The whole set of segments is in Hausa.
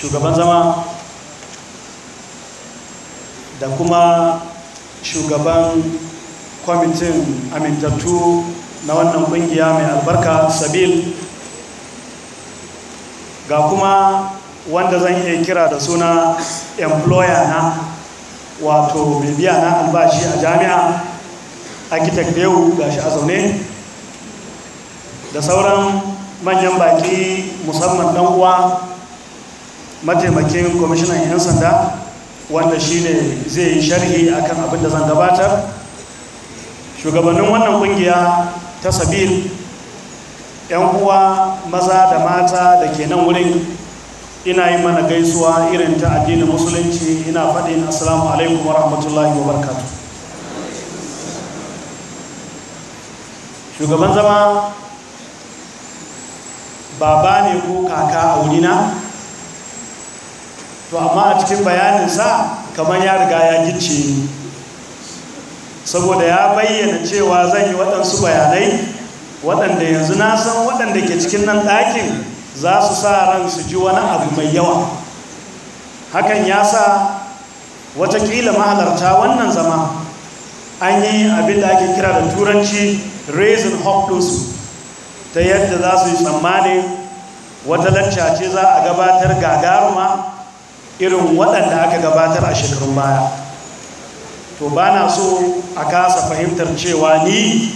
shugaban zama da kuma shugaban kwamitin amintattu na wannan kungiya mai albarka sabil ga kuma wanda zan iya kira da suna employer na wato mai biya na albashi a jami'a architect yau ga shi a zaune da sauran manyan baki musamman dan uwa mataimakin kwamishinan 'yan sanda wanda shi ne zai yi sharhi akan abin da zan gabatar shugabannin wannan kungiya ta sabil 'yan uwa maza da mata da ke nan wurin ina yi mana gaisuwa irin ta addinin musulunci ina faɗin asalamu alaikum wa rahmatullahi wa barkatu shugaban zama baba ne ko kaka a wurina to amma a cikin bayaninsa kamar ya riga ya gice ni saboda ya bayyana cewa zan yi waɗansu bayanai waɗanda yanzu na san waɗanda ke cikin nan ɗakin za su sa ran su ji wani abu mai yawa hakan ya sa watakila mahalarta wannan zama an yi abin da ake kira da turanci Raisin hope ta yadda za su yi tsammani wata lacca za a gabatar gagaruma irin waɗanda aka gabatar a shekarun baya to ba na so a kasa fahimtar cewa ni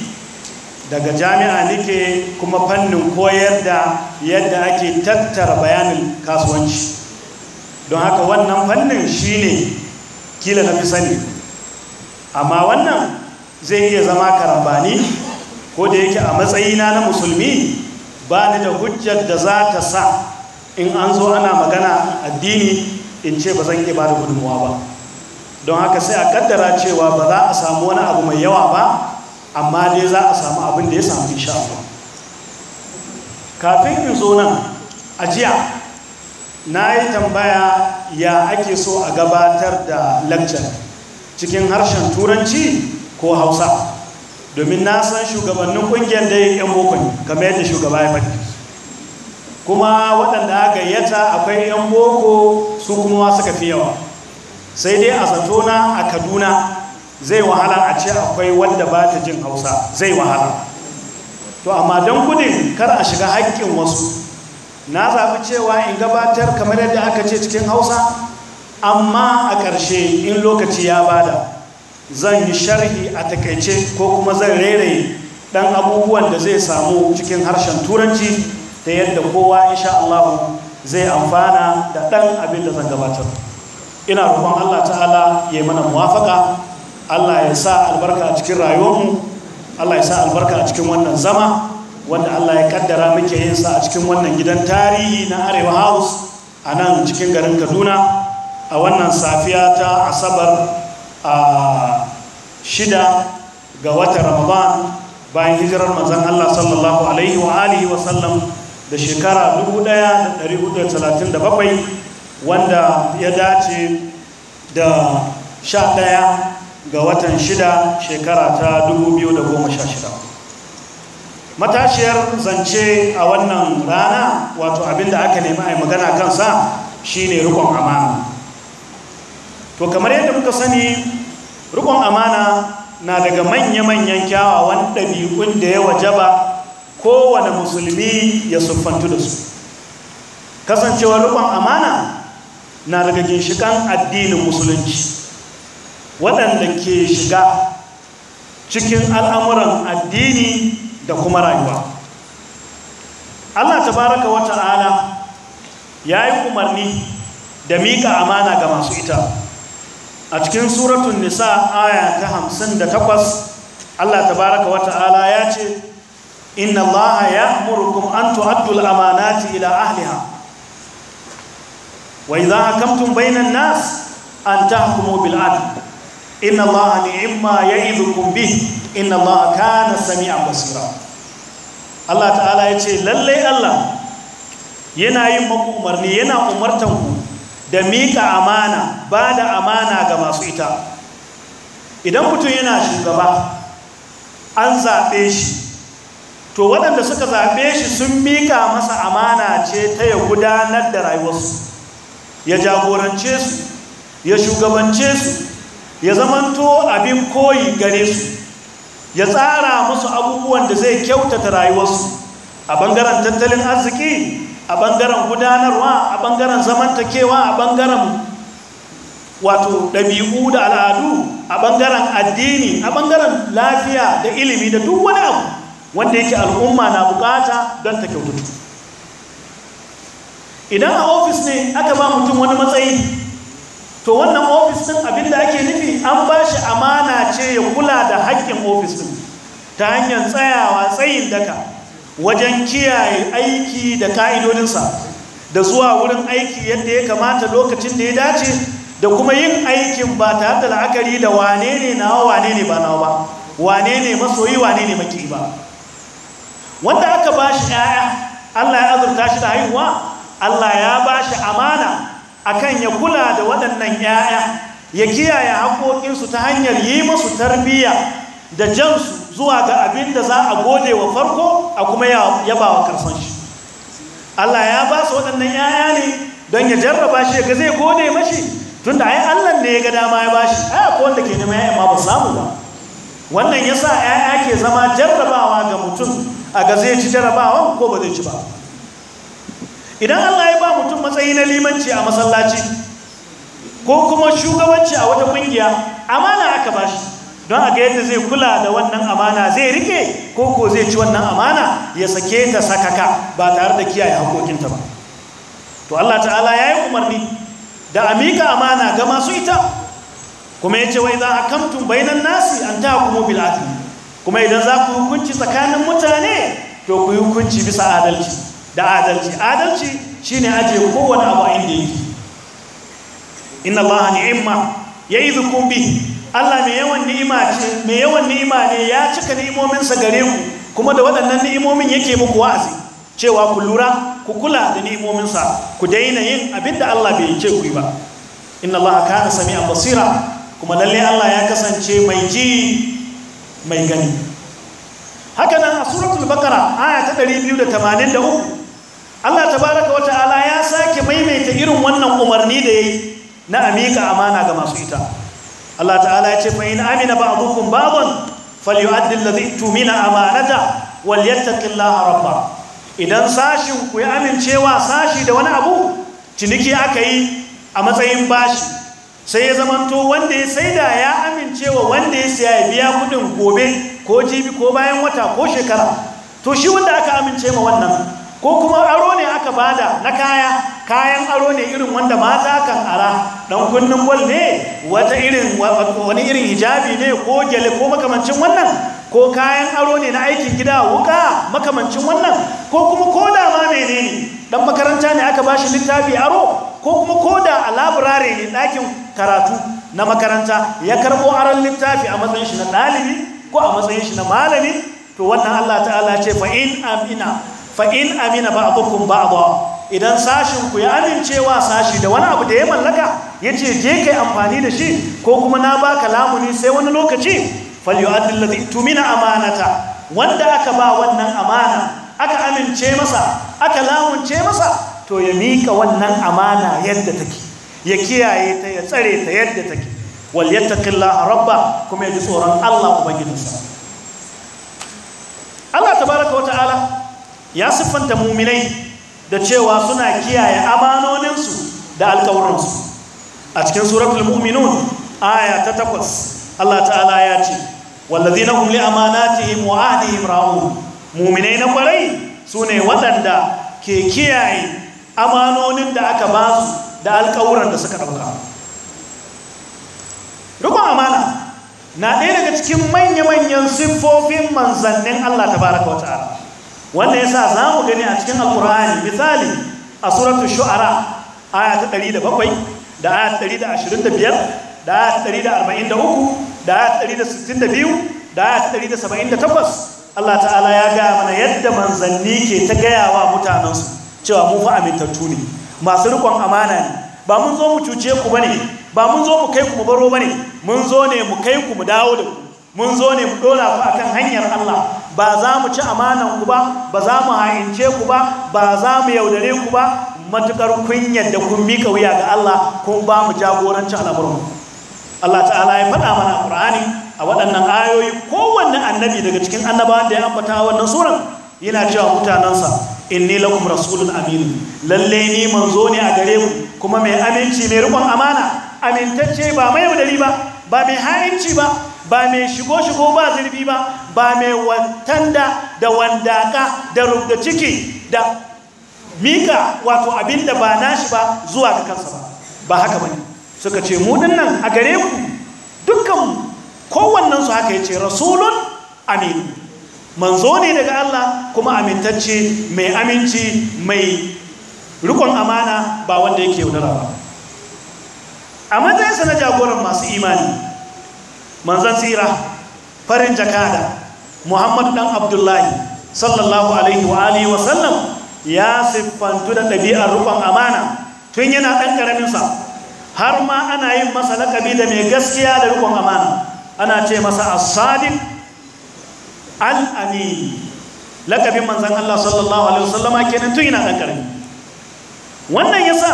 daga jami'a nike kuma fannin koyar da yadda ake tattara bayanin kasuwanci don haka wannan fannin shine kila na fi sani amma wannan zai iya zama karambani ko da yake a matsayina na musulmi ba ni da hujjar da za ta sa in an zo ana magana addini in ce ba zan iya ba da gudunmuwa ba don haka sai a kaddara cewa ba za a samu wani abu mai yawa ba amma dai za a samu abin da ya samu insha ba kafin in zo nan a jiya na yi tambaya ya ake so a gabatar da lecture cikin harshen turanci ko hausa domin na san shugabannin kungiyar da ya yi 'yan boko ne kamar yadda shugaba ya faɗi kuma waɗanda aka yata akwai 'yan boko su kuma suka fi yawa sai dai a zatona a kaduna zai wahala a ce akwai wanda ba ta jin hausa zai wahala to amma don gudun kar a shiga haƙƙin wasu na zaɓi cewa in gabatar kamar yadda aka ce cikin hausa amma a ƙarshe in lokaci ya bada zan yi sharhi a takaice ko kuma zan rere ɗan abubuwan da zai samu cikin harshen turanci ta yadda kowa insha Allah zai amfana da ɗan abin da zan gabatar ina roƙon Allah ta'ala ya yi mana muwafaƙa. Allah ya sa albarka a cikin rayuwarmu Allah ya sa albarka a cikin wannan zama wanda Allah ya kaddara muke yin sa a cikin wannan gidan tarihi na Arewa House a nan cikin garin Kaduna a wannan safiya ta Asabar a shida ga watan Ramadan bayan hijirar manzon Allah sallallahu alaihi wa alihi wa sallam da shekara 1437 wanda ya dace da 11 ga watan 6 shekara ta 2016 matashiyar zance a wannan rana wato abinda aka nemi a magana kansa shine rikon amana to kamar yadda muka sani rikon amana na daga manya-manyan kyawawan ɗabi'un da ya wajaba kowane musulmi ya siffantu da su kasancewa rukun amana na daga ginshikan addinin musulunci waɗanda ke shiga cikin al'amuran addini da kuma rayuwa Allah tabaraka wata ala ya yi umarni da miƙa amana ga masu ita a cikin suratun nisa aya ta 58 Allah tabaraka wata ala ya ce inna allaha ya'murukum an tu'addu al-amanati ila ahliha wa idha hakamtum bayna an-nas an tahkumu bil adl inna allaha ni'ma ya'idukum bih inna allaha kana sami'an basira Allah ta'ala ya ce lallai Allah yana yin maku umarni yana umartan ku da miƙa amana Bada amana ga masu ita idan mutum yana shugaba an zaɓe shi to waɗanda suka zaɓe shi sun mika masa amana ce ta ya gudanar da rayuwarsu ya jagorance su ya shugabance su ya zamanto abin koyi gare su ya tsara musu abubuwan da zai kyautata rayuwarsu a bangaren tattalin arziki a bangaren gudanarwa a bangaren zamantakewa a bangaren wato ɗabi'u da al'adu a ɓangaren addini a bangaren lafiya da ilimi da duk wani abu wanda yake al'umma na bukata don ta kyautatu idan a ofis ne aka ba mutum wani matsayi to wannan ofis din abinda ake nufi an ba shi amana ce ya kula da haƙƙin ofis ɗin ta hanyar tsayawa tsayin daka wajen kiyaye aiki da ka'idodinsa da zuwa wurin aiki yadda ya kamata lokacin da ya dace da kuma yin aikin ba tare da la'akari da wane ne nawa wane ne ba nawa ba wane ne masoyi wane ne maki ba wanda aka ba shi ɗaya Allah ya azurta shi da haihuwa Allah ya ba shi amana akan ya kula da waɗannan ‘ya'ya ya kiyaye haƙoƙinsu ta hanyar yi masu tarbiyya da jansu zuwa ga abin da za a gode wa farko a kuma yaba wa karsan shi Allah ya ba su waɗannan ‘ya'ya ne don ya jarraba shi ga zai gode mashi tun da ai Allah ne ya ga dama ya ba shi ai wanda ke neman ‘ya'ya ma ba samu ba wannan ya sa 'ya'ya ke zama jarrabawa ga mutum a ga zai ci jarrabawan ko ba zai ci ba idan Allah ya ba mutum matsayi na limanci a masallaci ko kuma shugabanci a wata ƙungiya. amana aka ba shi don a ga yadda zai kula da wannan amana zai rike ko ko zai ci wannan amana ya sake ta sakaka ba tare da kiyaye hakokinta ba to Allah ta'ala ya yi umarni da a amika amana ga masu ita kuma ya ce wai za a kamtun bainan nasi an ta kuma adl kuma idan za ku hukunci tsakanin mutane to ku hukunci bisa adalci da adalci adalci shine ajiye kowane abu inda yake inna allaha ni'ma ya'idukum bi Allah mai yawan ni'ima ce mai yawan ni'ima ne ya cika ni'imominsa gare ku kuma da waɗannan ni'imomin yake muku wa'azi cewa ku lura ku kula da ni'imominsa ku daina yin abin da Allah bai ce ku yi ba inna Allah kana sami'an basira kuma lalle Allah ya kasance mai ji mai gani haka nan a suratul bakara aya ta 283 Allah tabaraka wata'ala ya sake maimaita irin wannan umarni da yayi na amika amana ga masu ita Allah ta'ala ya ce fa in amina ba'dukum ba'dan falyu'addi alladhi tumina amanata walyattaqillaha idan sashin ku ya amincewa sashi da wani abu ciniki aka yi a matsayin bashi sai ya zamanto wanda ya sai da ya amincewa wanda ya siya ya biya kudin gobe ko jibi ko bayan wata ko shekara to shi wanda aka amince ma wannan ko kuma aro ne aka bada na kaya kayan aro ne irin wanda mata kan ara dan kunnin gwal ne wata irin wani irin hijabi ne ko gele ko makamancin wannan ko kayan aro ne na aikin gida wuka makamancin wannan ko kuma koda ma menene dan makaranta ne aka bashi littafi aro ko kuma koda a laburare ne dakin. karatu na makaranta ya karbo aron littafi a matsayin shi na ɗalibi ko a matsayin shi na malami to wannan Allah ta'ala ce fa in amina fa in amina ba'dukum ba'dha idan sashin ku ya amincewa sashi da wani abu da ya mallaka yace je kai amfani da shi ko kuma na baka lamuni sai wani lokaci fal yu'addil ladhi tumina amanata wanda aka ba wannan amana aka amince masa aka lamunce masa to ya mika wannan amana yadda take ya kiyaye ta ya tsare ta yadda take wal yattaqillaha rabba kuma ya ji tsoron Allah ubangijinsa Allah tabaraka wa ta'ala ya siffanta muminai da cewa suna kiyaye amanoninsu da alƙawuransu a cikin suratul mu'minun aya ta takwas Allah ta'ala ya ce wallazina hum li amanatihim wa ahdihim ra'un mu'minai na kwarai sune waɗanda ke kiyaye amanonin da aka ba su da alƙawuran da suka ɗauka Rukun amana na ɗaya daga cikin manya-manyan siffofin manzannin Allah ta baraka wa ta'ala wanda ya sa za mu gani a cikin Alƙur'ani, misali a suratun shu'ara aya ta 107 da aya ta 125 da aya ta 143 da aya ta 162 da aya ta 178 Allah ta'ala ya gaya mana yadda manzanni ke ta gaya wa mutanensu cewa mu fa amintattu ne masu rikon amana ne ba mun zo mu cuce ku bane ba mun zo mu kai ku mu baro bane mun zo ne mu kai ku mu dawo da ku mun zo ne mu dola ku akan hanyar Allah ba za mu ci amanan ku ba ba za mu hayince ku ba ba za mu yaudare ku ba matukar kun yadda kun mika wuya ga Allah kun ba mu jagoranci al'amuran Allah ta'ala ya faɗa mana Qur'ani a waɗannan ayoyi kowanne annabi daga cikin annabawan da ya ambata wannan suran yana cewa mutanensa inni lakum rasulun aminu lalle ni manzo ne a gare ku kuma mai aminci mai rikon amana amintacce ba mai yaudari ba ba mai ha'inci ba ba mai shigo shigo ba zurfi ba ba mai wantanda da wandaka da rubda ciki da mika wato abin da ba nashi ba zuwa ga kansa ba ba haka bane suka ce mu dinnan a gare ku dukkan kowannensu haka ce rasulun aminu manzo ne daga Allah kuma amintacce mai aminci mai rikon amana ba wanda yake yaudara ba a matsayinsa na jagoran masu imani manzan tsira farin jakada muhammad dan abdullahi sallallahu alaihi wa alihi wa sallam ya siffantu da ɗabi'ar rikon amana tun yana ɗan ƙaraminsa har ma ana yin masa laƙabi da mai gaskiya da rikon amana ana ce masa as-sadiq Al'ami lakabin manzan Allah sallallahu Alaihi wasallama kenan tun yana ɗan ƙarfi wannan ya sa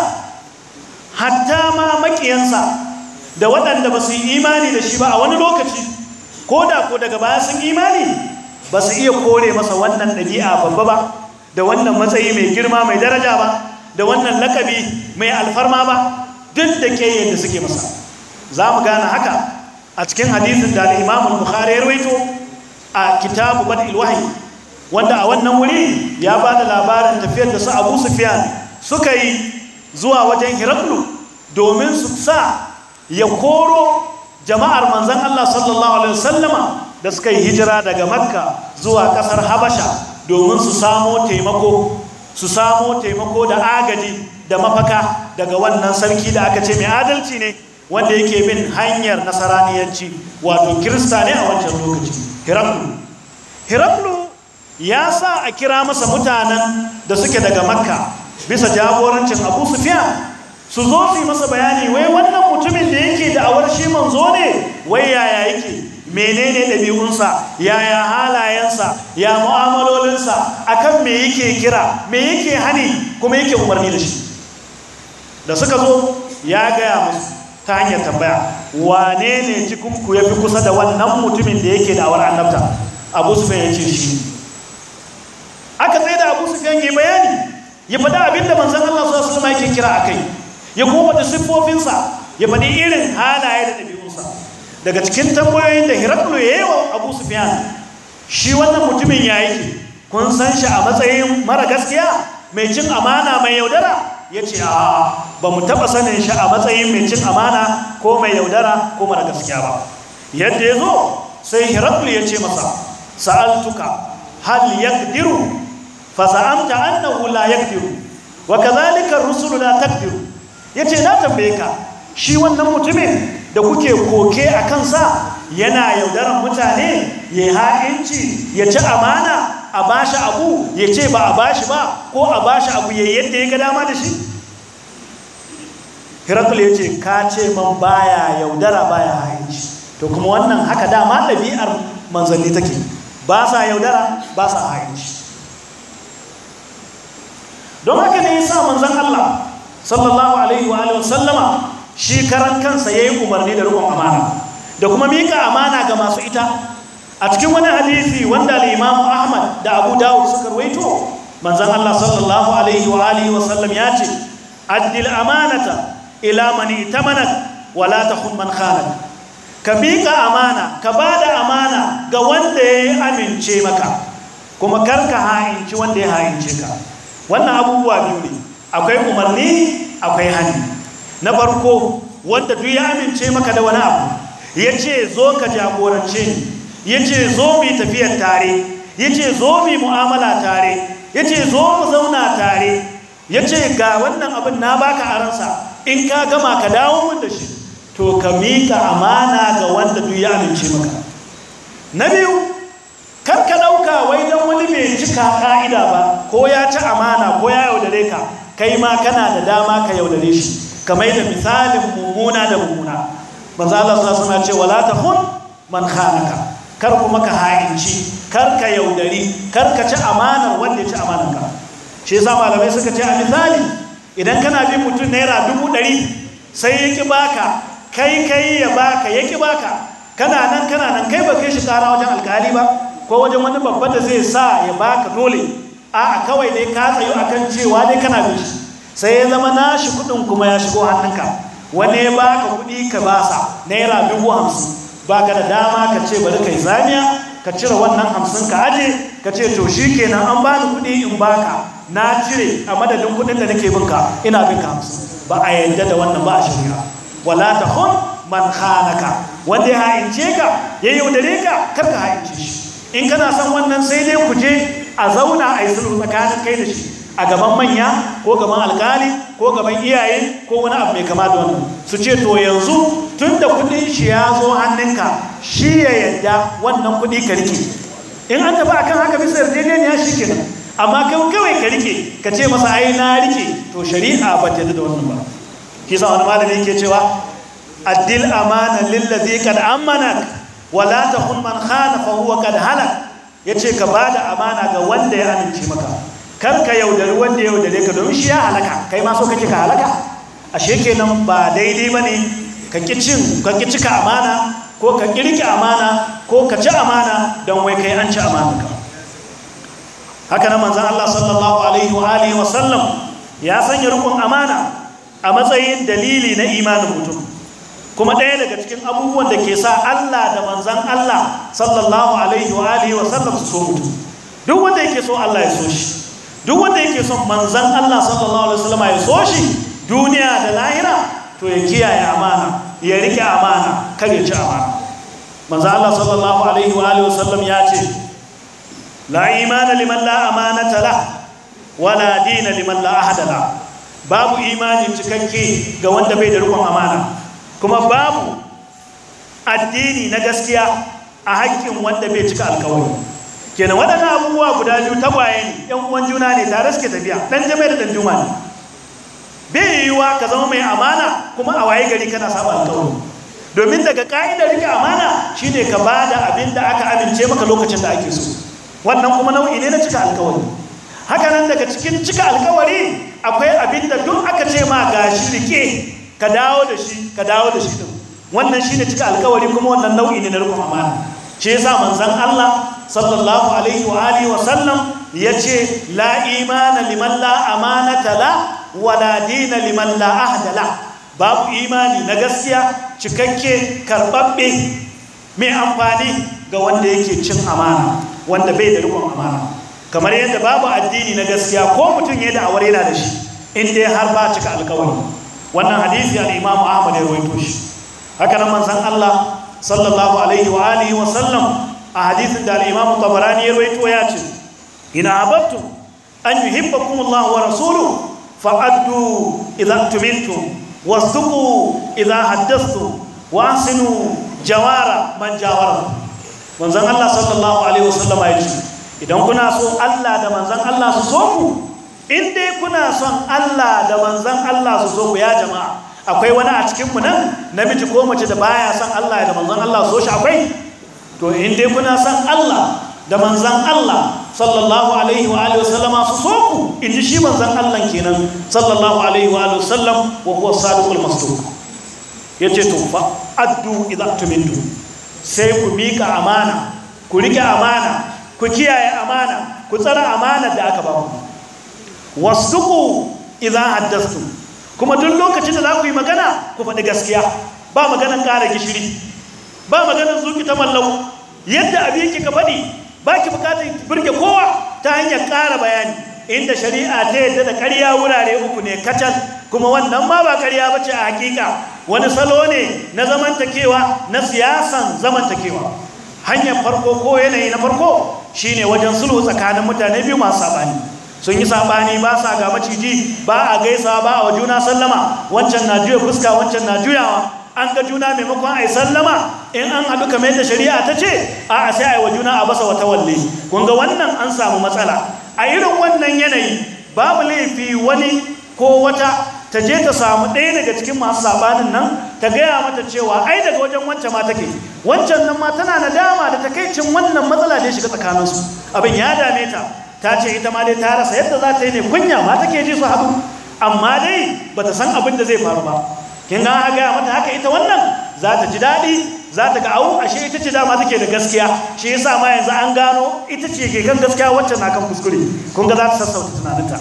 hatta ma maƙiyansa da waɗanda ba su yi imani da shi ba a wani lokaci ko da ko daga baya sun imani ba su iya kore masa wannan ɗabi'a babba ba da wannan matsayi mai girma mai daraja ba da wannan lakabi mai alfarma ba duk da ke yadda suke masa za mu gane haka a cikin hadisin da al'imamun bukhari ya rawaito a kitabu bad'il wahyi wanda a wannan wuri ya ba da labarin tafiyar da su abu sufiyan suka yi zuwa wajen hiraklu domin su sa ya koro jama'ar manzan Allah sallallahu alaihi wasallama da suka yi hijira daga makka zuwa kasar habasha domin su samo taimako su samo taimako da agaji da mafaka daga wannan sarki da aka ce mai adalci ne wanda yake bin hanyar nasaraniyanci wato kirista ne a wancan lokaci hiramlu hiramlu ya sa a kira masa mutanen da suke daga makka bisa jagorancin abu sufiya su zo su yi masa bayani wai wannan mutumin da yake da awar shi manzo ne wai yaya yake menene ɗabi'unsa yaya halayensa ya mu'amalolinsa akan me yake kira me yake hani kuma yake umarni da shi da suka zo ya gaya musu ta hanyar tambaya wane ne cikin ku ya fi kusa da wannan mutumin da yake da'awar annabta abu su ya ce shi aka tsaye da abu sufyan yi bayani ya faɗi abin da manzan Allah su su ma yake kira kai. ya koma da siffofinsa ya faɗi irin halaye da ɗabi'unsa daga cikin tambayoyin da Hiraklu ya yi wa Abu Sufyan shi wannan mutumin ya yake kun san shi a matsayin mara gaskiya mai cin amana mai yaudara ya ce a ba mu taɓa sanin shi a matsayin mai cin amana ko mai yaudara ko mara gaskiya ba yadda ya zo sai hiraklu ya ce masa sa'altuka hal yaqdiru fa na hula ya diru. wa kadhalika ar-rusulu takdiru Ya ce, na tambaye ka shi wannan mutumin da kuke koke a kansa yana yaudaran mutane ya ha'inci ya ci amana a bashi abu ya ce ba a bashi ba ko a bashi abu ya yadda ya ga dama da shi hirakul ya ce ka ce man baya yaudara baya hayanci to kuma wannan haka dama ɗabi'ar manzanni take ba sa yaudara ba sa hayanci don haka ne ya sa manzan Allah sallallahu alaihi wa sallama shi karan kansa ya yi umarni da rikon amana da kuma miƙa amana ga masu ita a cikin wani hadisi wanda al Ahmad da Abu Dawud suka rawaito manzon Allah sallallahu alaihi wa alihi wa ya ce addil amanata ila ta ta mana la hunman man ka miƙa amana ka ba da amana ga wanda ya yi amince maka kuma kar ka ha'inci wanda ya ha'ince ka wannan abubuwa biyu ne akwai umarni akwai hannu. na farko wanda duk ya amince maka da wani abu ya ce zo ka jagorance ni yace ce zo mu tafiyar tare ya ce zo mu mu'amala tare yace zo mu zauna tare yace ga wannan abin na baka aransa in ka gama ka dawo mun da shi to ka miƙa amana ga wanda duk ya amince maka na biyu kar ka ɗauka wai dan wani mai cika ƙa'ida ba ko ya ci amana ko ya yaudare ka kai ma kana da dama ka yaudare shi kamar da misalin mumuna da mumuna manzo Allah sallallahu alaihi wasallam ya ce wala tahun man khanaka kar kuma ka ha'inci kar ka yaudari kar ka ci amanar wanda ya ci amanar ka shi yasa malamai suka ce a misali idan kana bi mutum naira dubu ɗari sai ya ki baka kai kai ya baka ya ki baka kana nan kana nan kai ba kai shi kara wajen alkali ba ko wajen wani babba da zai sa ya baka dole a kawai dai ka tsayo akan cewa dai kana bi sai ya zama nashi kuɗin kuma ya shigo hannunka wani ya baka kuɗi ka basa naira dubu hamsin ba ka da dama ka ce bari kai zamiya ka cire wannan hamsin ka aje ka ce to shi kenan an bani kuɗi in baka na cire a madadin kuɗin da nake binka ina bin ka hamsin ba a yarda da wannan ba a shirya wala ta hun man khanaka wanda ya haince ka ya yaudare ka kar ka haince shi in kana son wannan sai dai ku je a zauna a yi sulhu tsakanin kai da shi a gaban manya ko gaban alkali ko gaban iyaye ko wani abu mai kama da wannan su ce to yanzu tun da kudin shi ya zo hannunka shi ya yadda wannan kudi ka rike in an tafi akan haka bisa ya shi kenan amma kai kawai ka rike ka ce masa ai na rike to shari'a ba ta da wannan ba sa wani malami yake cewa addil amana lillazi kad amanak wala takun man khana fa huwa kad halak yace ka bada amana ga wanda ya amince maka kar ka yaudari wanda ya yaudare ka domin shi ya halaka kai ma so kake ka halaka ashe kenan ba daidai bane ka ka cika amana ko ka ƙirƙi amana ko ka ci amana don wai kai an ci amana ka haka na manzan Allah sallallahu alaihi wa alihi wa sallam ya sanya rukun amana a matsayin dalili na imanin mutum kuma ɗaya daga cikin abubuwan da ke sa Allah da manzan Allah sallallahu alaihi wa alihi wa sallam su so mutum duk wanda yake so Allah ya so shi duk wanda yake son manzan Allah sallallahu alaihi wa sallam ya so shi duniya da lahira to ya kiyaye amana ya rike amana kan ya ci amana manzo Allah sallallahu alaihi wa alihi wasallam ya ce la imana liman la amanata la wala dina liman la ahada babu imani cikakke ga wanda bai da rikon amana kuma babu addini na gaskiya a haƙƙin wanda bai cika alƙawari kenan waɗannan abubuwa guda biyu tagwaye ne ƴan uwan juna ne tare suke tafiya ɗan jami'a da ɗan juma ne bai yiwuwa ka zama mai amana kuma a waye gari kana saba alkawari domin daga ka'idar rike amana shine ka ba da abin da aka amince maka lokacin da ake so wannan kuma nau'i ne na cika alƙawari haka nan daga cikin cika alƙawari akwai abin da duk aka ce ma ga shi rike ka dawo da shi ka dawo da shi din wannan shine cika alƙawari kuma wannan nau'i ne na rike amana ce yasa manzon Allah sallallahu alaihi wa alihi wa sallam yace la imana liman la amanata la wala dina liman la ahdala babu imani na gaskiya cikakke karbabbe mai amfani ga wanda yake cin amana wanda bai da rikon amana kamar yadda babu addini na gaskiya ko mutum ya da awar yana da shi in dai harba cika alkawari wannan hadisi ya imamu ahmad ya rawaito shi haka nan manzon Allah sallallahu alaihi wa alihi wa sallam a hadisin da al-imamu tabarani ya rawaito ya ce ina abattu an yuhibbakum Allah wa rasuluhu fa'addu idza tumintum wasduqu idza haddathtum wasinu jawara man jawara manzon Allah sallallahu alaihi wasallam ya ce idan kuna so Allah da manzon Allah su so ku in dai kuna son Allah da manzon Allah su so ku ya jama'a akwai wani a cikinmu mu nan namiji ko mace da baya son Allah da manzon Allah so shi akwai to in dai kuna son Allah da manzan Allah sallallahu alaihi wa alihi wa su so ku in ji shi manzan Allah kenan sallallahu alaihi wa alihi wasallam wa huwa sadiqul masduq yace to fa addu idza tumindu sai ku mika amana ku rike amana ku kiyaye amana ku tsara amana da aka ba ku wasduqu idza haddathtum kuma duk lokacin da za ku yi magana ku faɗi gaskiya ba maganan ƙara gishiri ba maganan zuki ta mallau yadda abin ki ka faɗi ba ki bukatar burge kowa ta hanyar ƙara bayani inda shari'a ta yadda da ƙarya wurare uku ne kacal kuma wannan ma ba ƙarya ba ce a hakika wani salo ne na zamantakewa na siyasan zamantakewa hanyar farko ko yanayi na farko shine wajen sulhu tsakanin mutane biyu masu saɓani sun yi saɓani ba sa ga maciji ba a gaisa ba a juna sallama wancan na juya fuska wancan na juyawa an ga juna maimakon a yi sallama in an haɗu kamar yadda shari'a ta ce a a sai a yi wa juna a basa wata walle kun ga wannan an samu matsala a irin wannan yanayi babu laifi wani ko wata ta je ta samu ɗaya daga cikin masu sabanin nan ta gaya mata cewa ai daga wajen wancan ma take wancan nan ma tana dama da takaicin wannan matsala da ya shiga su abin ya dame ta ta ce ita ma dai ta rasa yadda za ta yi ne kunya ma take ji su haɗu amma dai bata san abin da zai faru ba kin ga ga gaya mata haka ita wannan za ta ji daɗi za ta ga au ashe ita ce dama take da gaskiya shi yasa ma yanzu an gano ita ce ke kan gaskiya wacce na kan kuskure kun ga za ta sassauta tunaninta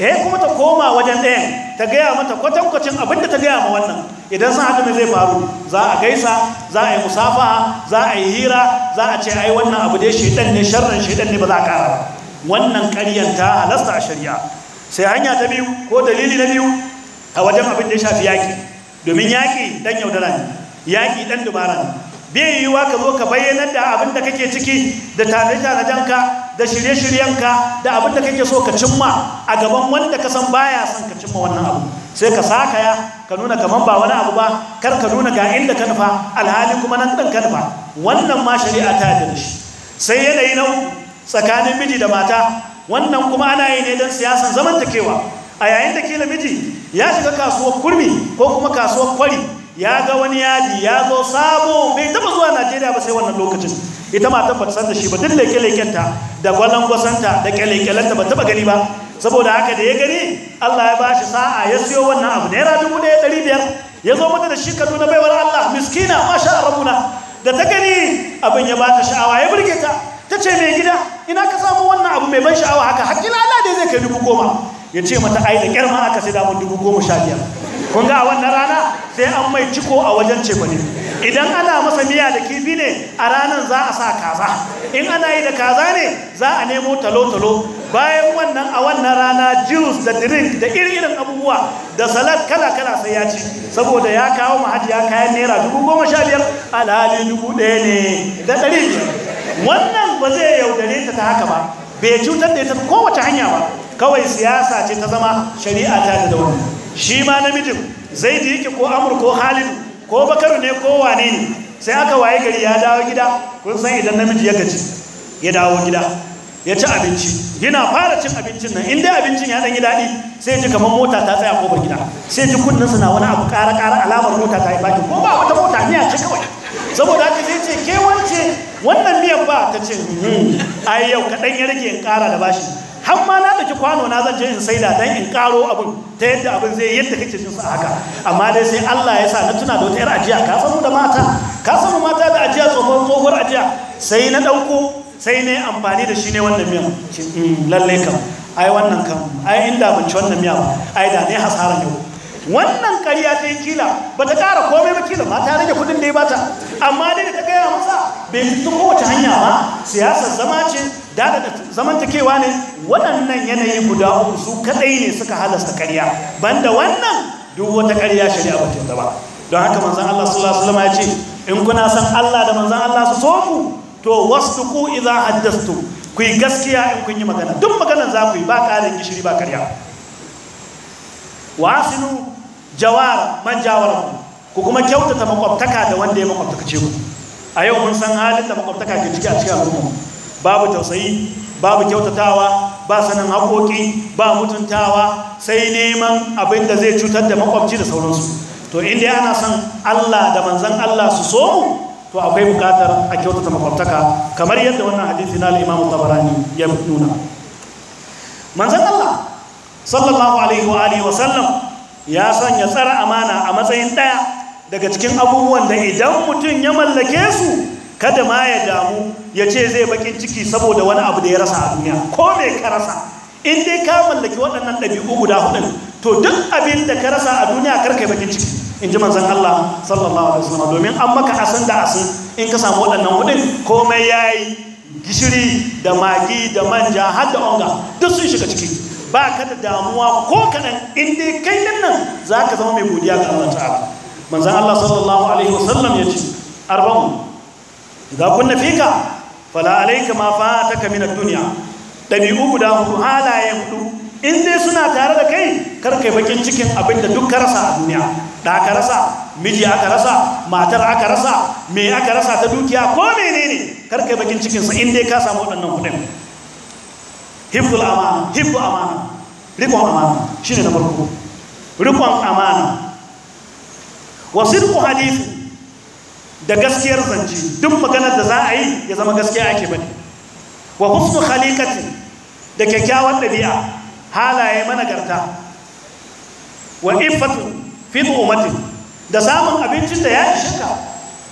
eh kuma ta koma wajen ɗayan ta gaya mata kwatankwacin abin da ta gaya ma wannan idan sun haɗu zai faru za a gaisa za a yi musafa za a yi hira za a ce ai wannan abu dai shaidan ne sharran shaidan ne ba za a ƙara ba wannan ƙaryan ta halasta a shari'a sai hanya ta biyu ko dalili na biyu a wajen abin da ya shafi yaƙi domin yaƙi ɗan yaudara ne yaƙi ɗan dubara ne bai yiwuwa ka zo ka bayyanar da abin da kake ciki da tare-tarenka da shirye-shiryenka da abin da kake so ka cimma a gaban wanda ka san baya son ka cimma wannan abu sai ka sakaya ka nuna kamar ba wani abu ba kar ka nuna ga inda ka nufa alhali kuma nan ɗan ka nufa wannan ma shari'a ta yarda shi sai yanayi na tsakanin miji da mata wannan kuma ana yi ne don siyasan zamantakewa a yayin da ke miji ya shiga kasuwar kurmi ko kuma kasuwar kwari ya ga wani yadi ya zo sabo bai taba zuwa najeriya ba sai wannan lokacin ita ma tabbata san da shi ba duk leke-lekenta da ta da kyalekyalenta ba taba gani ba saboda haka da ya gani allah ya ba shi sa'a ya siyo wannan abu naira dubu ɗaya ɗari biyar ya zo mata da shi kaduna baiwar allah miskina masha rabuna da ta gani abin ya ba ta sha'awa ya burge ta ta ce mai gida ina ka samu wannan abu mai ban sha'awa haka hakkin allah dai zai kai dubu goma ya ce mata ai da kyar ma aka sai damun dubu goma sha biyar kun ga a wannan rana sai an mai ciko a wajen cefane idan ana masa miya da kifi ne a ranar za a sa kaza in ana yi da kaza ne za a nemo talo-talo bayan wannan a wannan rana juice da drink da irin abubuwa da salad kala-kala sai ya ci saboda ya kawo ma ya kayan naira dubu goma sha biyar alhali dubu ɗaya ne da ɗari wannan ba zai yaudare ta ta haka ba bai cutar da ita kowace hanya ba kawai siyasa ce ta zama shari'a ta da wani. shi ma namijin zai da yake ko amur ko halin ko bakaru ne ko wane ne sai aka waye gari ya dawo gida kun san idan namiji ya gaji ya dawo gida ya ci abinci yana fara cin abincin nan inda abincin ya yi daɗi sai ji kamar mota ta tsaya kofar gida sai ji kunninsa na wani abu ƙara ƙara alamar mota ta yi baki ko ba wata mota miya ce kawai saboda haka ce ke wance wannan miyan ba ta ce hmm, ai yau kaɗan ya rage in ƙara da bashi har ma na ɗauki kwano na zan je in saida dan in karo abin ta yadda abin zai yadda kake cikin sa haka amma dai sai Allah ya sa na tuna da wata yar ajiya ka sanu da mata ka sanu mata da ajiya tsohon tsohuwar ajiya sai na ɗauko sai ne amfani da shi ne wannan miyan mm, lalle kam ai wannan kam ai inda ban ci wannan miya ba ai da ne hasaran ne wannan ƙarya ta yi kila ba ta ƙara komai ba kila ba ta rage kudin da ya bata amma dai da ta gaya masa bai fito kowace hanya ba siyasar zama ce da da zamantakewa ne waɗannan yanayi guda uku su kaɗai ne suka halasta ƙarya banda wannan duk wata ƙarya shari'a ba ta ba don haka manzan Allah sallallahu alaihi ya ce in kuna san Allah da manzan Allah su so ku to ku iza haddastu ku yi gaskiya in kun yi magana duk magana za ku yi ba ƙarin gishiri ba ƙarya wasinu jawar man jawar ku kuma kyautata makwabtaka da wanda ya makwabtaka ce ku a yau mun san halin da makwabtaka ke ciki a cikin al'umma babu tausayi babu kyautatawa ba sanin haƙoƙi ba mutuntawa sai neman abin da zai cutar da makwabci da sauransu to inda ana son Allah da manzan Allah su so mu to akwai bukatar a kyautata makwabtaka kamar yadda wannan hadisi na al Tabarani ya nuna manzan Allah sallallahu alaihi wa alihi wa sallam ya sanya tsara amana a matsayin daya daga cikin abubuwan da idan mutum ya mallake su kada ma ya damu ya ce zai bakin ciki saboda wani abu da ya rasa a duniya ko mai ka rasa in dai ka mallaki waɗannan ɗabi'u guda hudun to duk abin da ka rasa a duniya kar kai bakin ciki in ji manzan Allah sallallahu alaihi wasallam domin an maka asan da asin in ka samu waɗannan hudun komai yayi gishiri da magi da manja har da onga duk sun shiga ciki ba ka da damuwa ko kaɗan in dai kai nan nan za ka zama mai godiya ga Allah ta'ala manzan Allah sallallahu alaihi wasallam ya ce arba'un kun nafi ka? fala alayka ma fataka min ad-dunya dabi'u guda hudu halaye hudu in dai suna tare da kai kar kai bakin cikin abin da duk rasa a duniya da ka rasa miji aka rasa matar aka rasa me aka rasa ta dukiya ko menene kar kai bakin cikin sa in dai ka samu waɗannan kudin hifdul amana hifdul amana rikon amana shine na farko rikon amana wasirku sidqu da gaskiyar zance duk maganar da za a yi ya zama gaskiya ake bane wa husnu khaliqati da kyakkyawan dabi'a halaye managarta wa iffatu fi ummati da samun abincin da ya ishe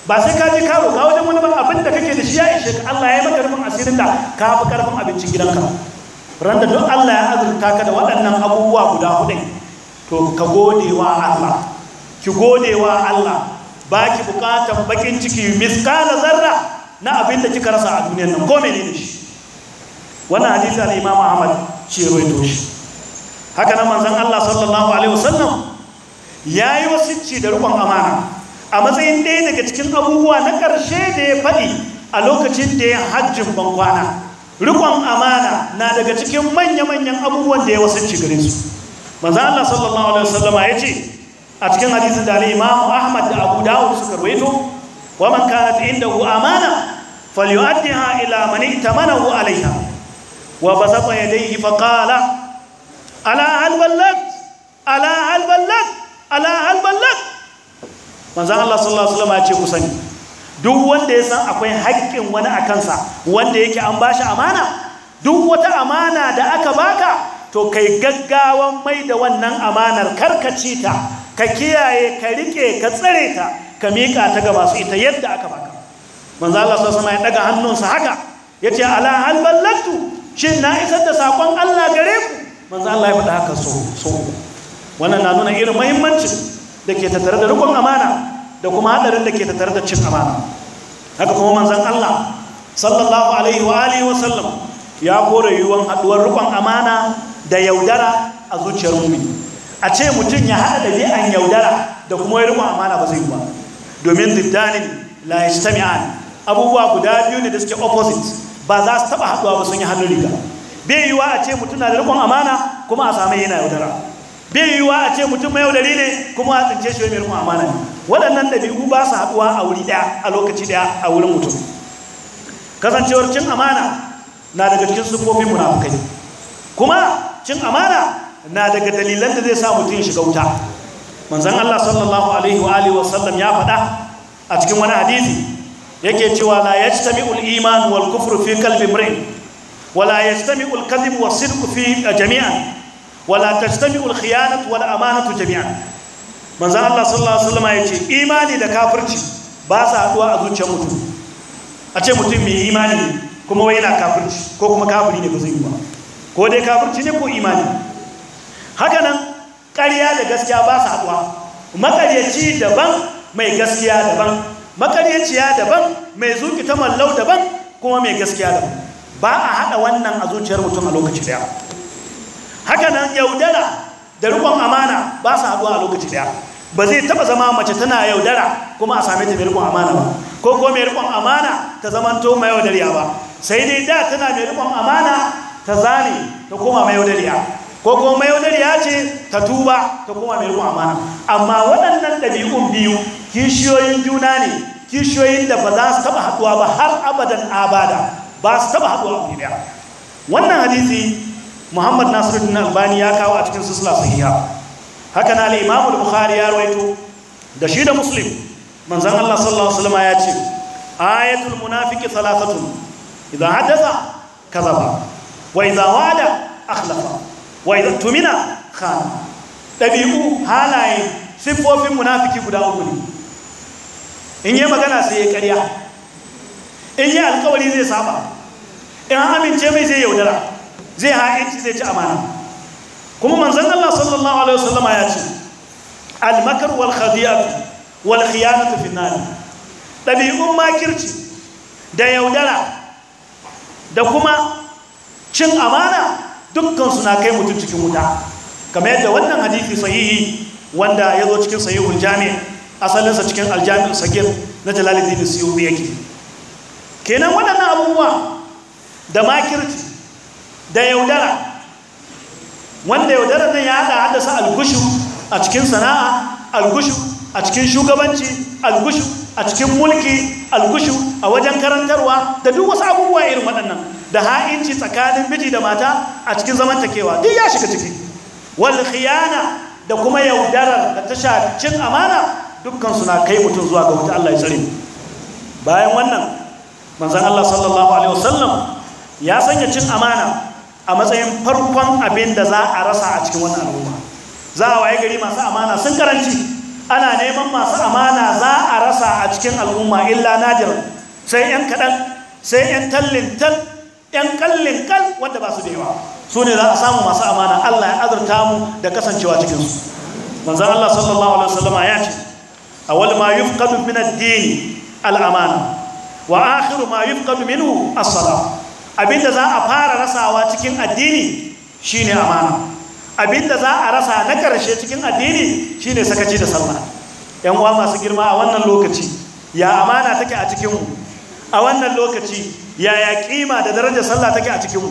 ba sai ka ji ka roƙa wajen wani abin da kake da shi ya ishe ka Allah ya yi maka rufin asirin da ka fi karfin abincin gidanka randa duk Allah ya azurta ka da waɗannan abubuwa guda hudu to ka gode wa Allah ki gode wa Allah ba ki bukatan bakin ciki miskala zarra na abin da kika rasa a duniyar nan ko menene shi wannan hadisi al imam ahmad shi rawaito shi haka nan manzon Allah sallallahu alaihi wasallam yayi wasicci da rikon amana a matsayin ɗaya daga cikin abubuwa na ƙarshe da ya faɗi a lokacin da ya hajjin bankwana Rikon amana na daga cikin manya-manyan abubuwan da ya wasicci gare su manzon Allah sallallahu alaihi wasallama ya ce a cikin hadisin da al-Imam Ahmad da Abu Dawud suka rawaito wa man kanat indahu amana falyu'addiha ila man ittamanahu alaiha wa basata yadayhi fa qala ala hal ballag ala hal ballag ala hal ballag manzon Allah sallallahu alaihi wasallam ya ce ku sani duk wanda ya san akwai haƙƙin wani a kansa wanda yake an bashi amana duk wata amana da aka baka to kai gaggawan mai da wannan amanar karkace ta ka kiyaye ka rike ka tsare ta ka miƙa ta ga masu ita yadda aka baka manzo Allah sallallahu alaihi ya daga hannunsa haka yace ala hal ballatu shin na isar da sakon Allah gare ku manzo Allah ya faɗa haka so so wannan na nuna irin muhimmancin da ke tattare da rukun amana da kuma hadarin da ke tattare da cin amana haka kuma manzon Allah sallallahu alaihi wa alihi wa ya kore yiwuwan haduwar rikon amana da yaudara a zuciyar mu'mini a ce mutum ya haɗa an yaudara da kuma ya rikon amana ba zai yi ba domin diddanin la yastami'an abubuwa guda biyu ne da suke opposite ba za su taɓa haɗuwa ba sun yi hannun riga bai yiwuwa a ce mutum na da rikon amana kuma a samu yana yaudara bai yiwuwa a ce mutum mai yaudari ne kuma a tsince shi mai rikon amana ne waɗannan ɗabi'u ba su haɗuwa a wuri ɗaya a lokaci ɗaya a wurin mutum kasancewar cin amana na daga cikin siffofin munafukai kuma cin amana na daga dalilan da zai sa mutum shiga wuta manzon Allah sallallahu alaihi wa alihi wasallam ya faɗa a cikin wani hadisi yake cewa la yajtami'ul iman wal kufru fi qalbi imrin wa la yajtami'ul kadhib was sidq fi eh, jami'an wa la tajtami'ul khiyanatu wal amanatu jami’a. manzon Allah sallallahu alaihi wasallam yace imani da kafirci ba sa haduwa a zuciyar mutum a ce mutum mai imani kuma wai yana kafirci ko kuma kafiri ne ba zai yi ba ko dai kafirci ne ko imani hakanan ƙarya da gaskiya ba su haɗuwa makaryaci daban mai gaskiya daban makaryaciya daban mai zuki ta mallau daban kuma mai gaskiya daban ba a haɗa wannan a zuciyar mutum a lokaci ɗaya hakanan yaudara da rikon amana ba su haɗuwa a lokaci ɗaya ba zai taɓa zama mace tana yaudara kuma a same ta mai rikon amana ba ko kuma mai rikon amana ta zamanto mai yaudariya ba sai dai da tana mai rikon amana ta zane ta koma mai yaudariya ko kuma ya ce ta tuba ta kuma mai ruwa mana. amma waɗannan ɗabi'un biyu kishiyoyin juna ne kishiyoyin da ba za su taɓa haɗuwa ba har abadan abada ba su taɓa haɗuwa a wannan hadisi muhammad nasiruddin albani ya kawo a cikin sisla sahiha haka na al-imamu bukhari ya rawaito da shi da muslim manzon Allah sallallahu alaihi wasallam ya ce ayatul munafiqi thalathatun idza hadatha kadhaba wa idza wa'ada akhlafa wa idan tumina khana ɗabi'u halaye siffofin munafiki guda uku ne in yi magana sai ya karya in yi alkawari zai saba in amince mai zai yaudara zai ha'inci zai ci amana kuma manzan Allah sallallahu alaihi wasallama ya ce almakar wal khadiyatu wal khiyanatu fi nar dabi'un makirci da yaudara da kuma cin amana dukkansu na kai mutum cikin wuta kamar yadda wannan hadithi sahihi wanda ya zo cikin sahihul jami asalinsa cikin aljami sagir na jalalidin suyuti yake kenan waɗannan abubuwa da makirci da yaudara wanda yaudara nan ya haɗa haddasa algushu a cikin sana'a algushu a cikin shugabanci algushu a cikin mulki algushu a wajen karantarwa da duk wasu abubuwa irin waɗannan da ha'inci tsakanin miji da mata a cikin zamantakewa duk ya shiga ciki wal khiyana da kuma yaudarar da ta shafi cin amana dukkan suna kai mutum zuwa ga wuta Allah ya tsare bayan wannan manzon Allah sallallahu alaihi wasallam ya sanya cin amana a matsayin farkon abin da za a rasa a cikin wannan al'umma za a waye gari masu amana sun karanci ana neman masu amana za a rasa a cikin al'umma illa nadir sai 'yan kaɗan sai 'yan tallin 'yan kallin kal wadda ba su da yawa su ne za a samu masu amana allah ya azurta mu da kasancewa cikinsu manzan allah sallallahu alaihi wasallama ya ce a wani ma yufqadu min addini al'amana, wa akhiru ma yufqadu minhu as-salam abinda za a fara rasawa cikin addini shine amana Abin da za a rasa na ƙarshe cikin addini shine sakaci da sallah yan uwa masu girma a wannan lokaci ya amana take a cikin a wannan lokaci ya kima da daraja sallah take a cikin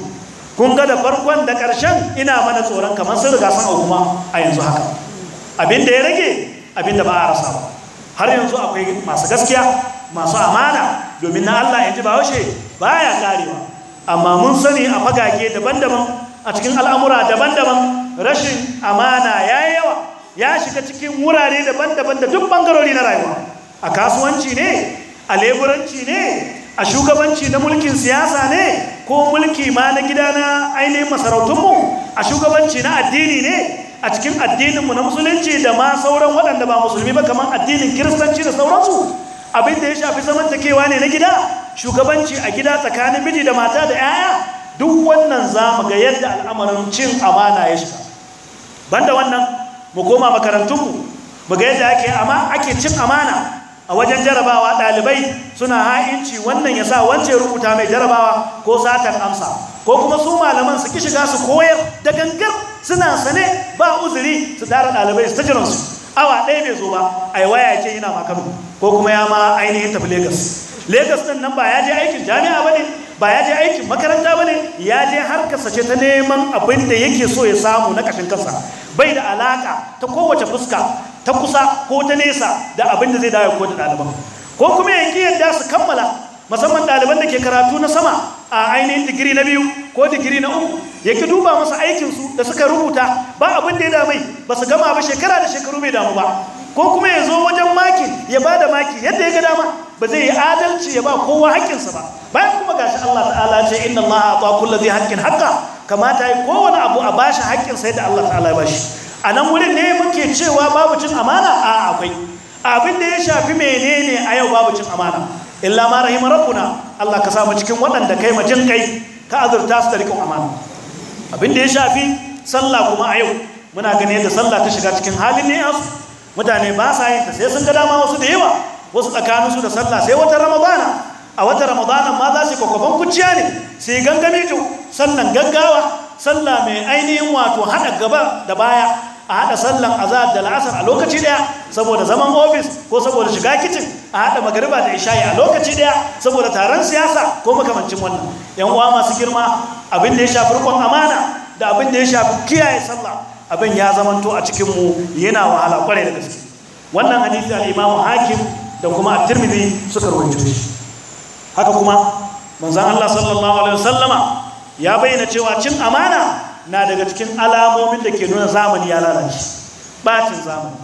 kun ga da farkon da ƙarshen ina mana tsoron kamar sun riga sun kuma a yanzu haka Abin da ya rage abin da ba a rasa ba har yanzu akwai masu gaskiya masu amana domin na Allah ya ji ba washe baya karewa amma mun sani a fagage daban-daban a cikin al'amura daban-daban rashin amana ya yi yawa ya shiga cikin wurare daban-daban da duk bangarori na rayuwa a kasuwanci ne a leburanci ne a shugabanci na mulkin siyasa ne ko mulki ma na gida na ainihin masarautunmu a shugabanci na addini ne a cikin addininmu na musulunci da ma sauran waɗanda ba musulmi ba kamar addinin kiristanci da sauransu abin da ya shafi zamantakewa ne na gida shugabanci a gida tsakanin miji da mata da 'ya'ya duk wannan za mu ga yadda al'amarin cin amana ya shiga banda wannan mu koma makarantunmu mu ga yadda ake amma ake cin amana a wajen jarabawa ɗalibai suna ha'inci wannan ya sa wance rubuta mai jarabawa ko satan amsa ko kuma su malaman su ki shiga su koyar da gangar suna sane ba uzuri su tara ɗalibai su ta su awa ɗaya bai zo ba a yi waya ce yana makaru ko kuma ya ma ainihin tafi Legas. Legas ɗin nan ba ya je aikin jami'a ba ne ba ya je aikin makaranta ba ne ya je harkarsa ce ta neman abin da yake so ya samu na ƙashin kasa bai da alaka ta kowace fuska ta kusa ko ta nesa da abin da zai dawo ko da ɗaliban ko kuma yanki yadda su kammala musamman ɗaliban da ke karatu na sama a ainihin digiri na biyu ko digiri na uku ya ki duba masa aikinsu da suka rubuta ba abin da ya damai ba su gama ba shekara da shekaru bai damu ba ko kuma ya zo wajen maki ya ba da maki yadda ya ga dama ba zai yi adalci ya ba kowa haƙƙinsa ba bayan kuma gashi Allah ta'ala ce inna Allah ata zai haƙƙin haƙƙa kamata yi kowane abu a ba shi haƙƙinsa yadda Allah ta'ala ya shi a nan wurin ne muke cewa babu cin amana a akwai abin da ya shafi menene a yau babu cin amana illa ma rahima rabbuna Allah ka samu cikin waɗanda kai majin kai ka azurta su da rikon amana abin da ya shafi sallah kuma a yau muna ganin yadda sallah ta shiga cikin halin ne mutane ba sa yin ta sai sun ga dama wasu da yawa wasu tsakanin su da sallah sai wata ramadana a wata ramadana ma za su kwakwafan kuciya ne sai yi gangami to sannan gaggawa sallah mai ainihin wato haɗa gaba da baya a haɗa sallan a da la'asar a lokaci daya saboda zaman ofis ko saboda shiga kicin a haɗa magariba da ishayi a lokaci daya saboda taron siyasa ko makamancin wannan yan uwa masu girma abin da ya shafi rukun amana da abin da ya shafi kiyaye sallah abin ya zamanto a cikinmu yana wahala kwarai da gaske wannan hadisi al-imamu hakim da kuma at-tirmidhi suka rubuta shi haka kuma manzon Allah sallallahu alaihi wasallama ya bayyana cewa cin amana na daga cikin alamomin da ke nuna zamani ya lalace bacin zamani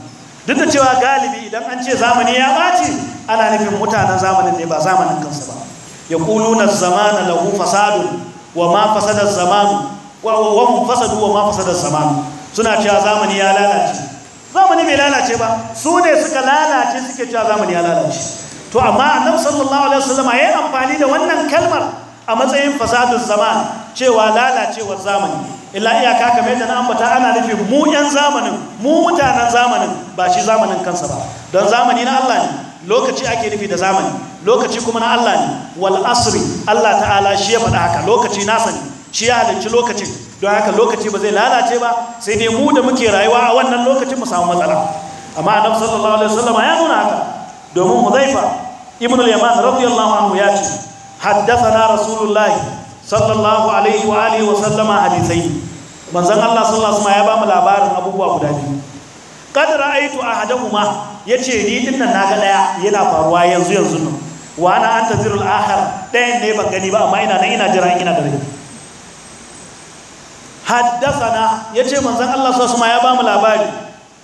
duk da cewa galibi idan an ce zamani ya baci ana nufin mutanen zamanin ne ba zamanin kansa ba yaquluna az-zamana lahu fasadun wa ma fasada az-zamanu wa hum fasadu wa ma fasada zamanu suna cewa zamani ya lalace zamani bai lalace ba su ne suka lalace suke cewa zamani ya lalace to amma annabi sallallahu alaihi wasallam ya amfani da wannan kalmar a matsayin fasadun zaman cewa lalacewar zamani illa iyaka kamar yadda na ambata ana nufin mu 'yan zamanin mu mutanen zamanin ba shi zamanin kansa ba don zamani na Allah ne lokaci ake nufi da zamani lokaci kuma na Allah ne wal asri Allah ta'ala shi ya faɗa haka lokaci nasa ne shi ya halicci lokacin don haka lokaci ba zai lalace ba sai dai mu da muke rayuwa a wannan lokacin mu samu matsala amma annabi sallallahu alaihi wasallam ya nuna haka domin Hudhaifa ibn al-Yaman radiyallahu anhu ya ce haddathana rasulullahi sallallahu alaihi wa alihi wa sallama hadisai manzon Allah sallallahu alaihi wasallam ya ba mu labarin abubuwa guda biyu kad ra'aitu ahadahuma yace ni dinnan naga daya yana faruwa yanzu yanzu nan wa ana antazirul akhar dayan ne ban gani ba amma ina nan ina jira ina da rai haddasana ce manzon Allah su ma ya bamu labari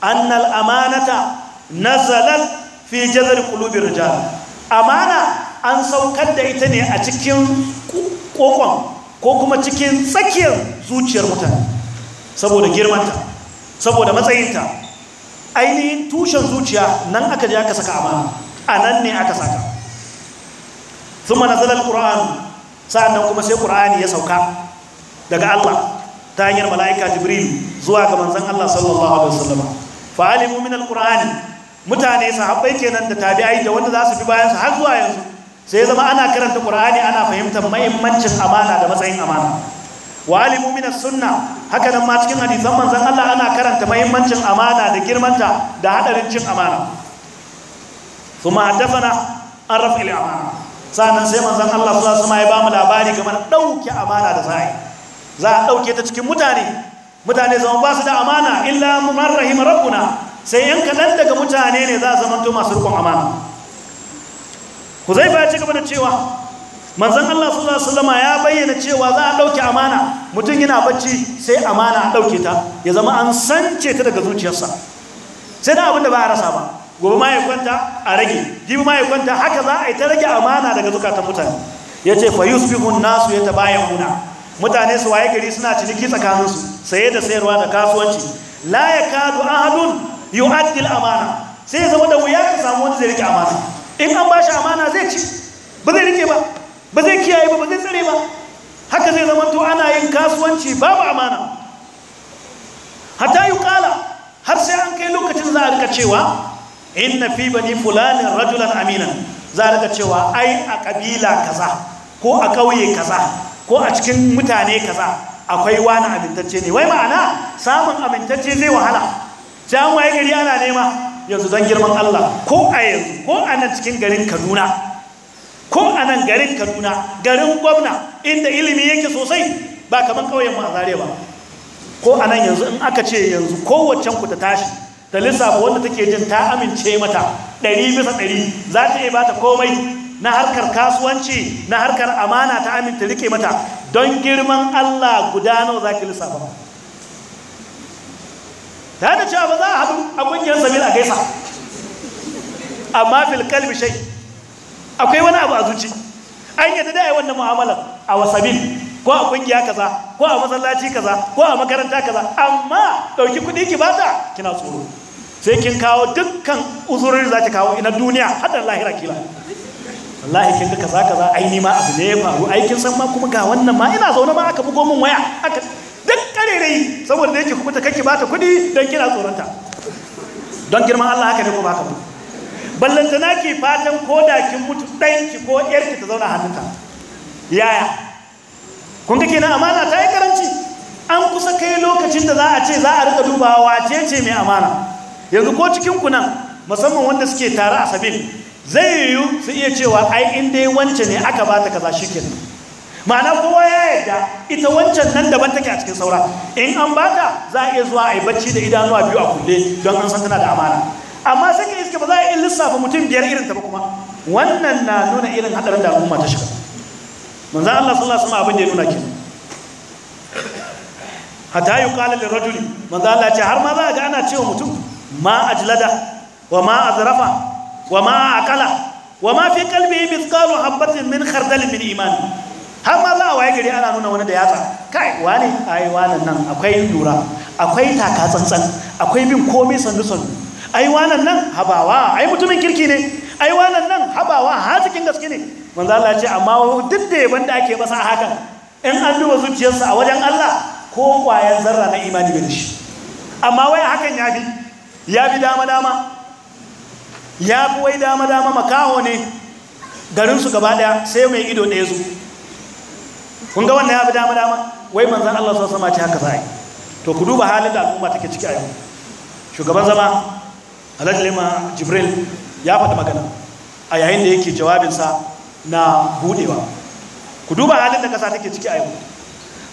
annal amanata nazalat fi jazr qulubi rijal amana an saukar da ita ne a cikin kokon ko kuma cikin tsakiyar zuciyar mutane saboda girmanta saboda matsayinta ainihin tushen zuciya nan aka je aka saka amana a nan ne aka saka thumma nazala alquran sa'annan kuma sai ƙur'ani ya sauka daga Allah ta hanyar mala'ika jibril zuwa ga manzon Allah sallallahu alaihi wasallam fa alimu min alqur'ani mutane sahabbai kenan da tabi'ai da wanda za su fi bayan su har zuwa yanzu sai zama ana karanta ƙur'ani ana fahimtar mahimmancin amana da matsayin amana wa alimu sunna haka nan ma cikin hadisan manzon Allah ana karanta mahimmancin amana da girmanta da haɗarin cin amana ثم حدثنا عن رفع amana. sannan sai manzan Allah su za wasallam ya ba mu labari kamar ɗauke dauke amana da yi. za a ɗauke ta cikin mutane mutane zama ba su da amana illa man rahima rabbuna sai yan kaɗan daga mutane ne za a zama to masu rikon amana zai ya ci gaba da cewa manzan Allah sallallahu alaihi wasallam ya bayyana cewa za a ɗauke amana mutum yana bacci sai amana a ɗauke ta ya zama an sance ta daga zuciyarsa sai da abin da ba a rasa ba gobe ma ya kwanta a rage jibi ma ya kwanta haka za a yi ta rage amana daga zukatan mutane ya ce fa yusbihun nasu ya bayan muna mutane su waye gari suna ciniki tsakaninsu saye da sayarwa da kasuwanci la ya kadu ahadun yu'addi al-amana sai ya zama da wuya ka samu wanda zai rike amana in an bashi amana zai ci ba zai rike ba ba zai kiyaye ba ba zai tsare ba haka zai zama to ana yin kasuwanci babu amana hatta yuqala har sai an kai lokacin za a rika cewa inna fi bani fulanin rajulan aminan za a rika cewa ai a kabila kaza ko a kauye kaza ko a cikin mutane kaza akwai wani amintacce ne wai ma'ana samun amintacce zai wahala jan waye gari ana nema yanzu zan girman Allah ko a yanzu ko a nan cikin garin Kaduna ko a nan garin Kaduna garin gwamna inda ilimi yake sosai ba kamar kauyen mu a zare ba ko a nan yanzu in aka ce yanzu kowaccen ku ta tashi Da lissafa wanda take jin ta amince mata ɗari bisa ɗari za ta iya bata komai na harkar kasuwanci na harkar amana ta aminta rike mata don girman Allah guda nawa za ki lissafa ba ta da cewa ba za a haɗu a ƙungiyar sabil a gaisa amma fil kalbi shai akwai wani abu a zuci an yadda da a yi wannan mu'amalar a wasabil ko a ƙungiya kaza ko a masallaci kaza ko a makaranta kaza amma ɗauki kuɗi ki ta kina tsoro sai kin kawo dukkan uzurin za ki kawo ina duniya haɗar lahira kila wallahi kin kaza kaza ai ni ma abu ne ya faru Aikin san ma kuma ga wannan ma ina zaune ma aka bugo min waya aka duk karerai saboda da yake kuma ta kake bata kuɗi dan kina tsoronta don girman Allah haka ne ko baka mu na ki fatan ko da kin mutu ki ko ki ta zauna hannunta yaya kun ga kenan amana ta yi karanci an kusa kai lokacin da za a ce za a rika dubawa wace ce mai amana yanzu ko cikin ku nan musamman wanda suke tare a sabin zai yiwu su iya cewa ai in dai wancan ne aka ba ta kaza shi kenan ma'ana kowa ya yarda ita wancan nan daban take a cikin saura in an ba bata za a iya zuwa a yi bacci da idanuwa biyu a kulle don an san tana da amana amma sai ka iske ba za a iya lissafa mutum biyar irin ta ba kuma wannan na nuna irin hadarin da al'umma ta shiga manzo Allah sallallahu alaihi wasallam abin da ya nuna kenan hatta yuqala lirajuli manzo Allah ya ce har ma za ga ana cewa mutum ma ajlada wa ma azrafa wa ma aqala wa ma fi qalbihi mithqalu habatin min khardal min iman har ma za a waye gari ana nuna wani da yatsa kai wani ai wannan nan akwai lura akwai taka tsantsan akwai bin komai sandu sandu ai wannan nan habawa ai mutumin kirki ne ai wannan nan habawa hazikin gaske ne manzo Allah ce amma duk da yaban da ake basa hakan in an duba zuciyarsa a wajen Allah ko kwayan zarra na imani bai da shi amma wai hakan ya bi, ya bi dama dama ya fi wai dama dama makaho ne garinsu gaba daya sai mai ido ɗaya zu kun ga wannan ya fi dama dama wai manzan Allah sun sama ci haka za yi to ku duba halin da al'umma take ciki a yau shugaban zama alhaji jibril ya faɗi magana a yayin da yake jawabinsa na buɗewa ku duba halin da ƙasa take ciki a yau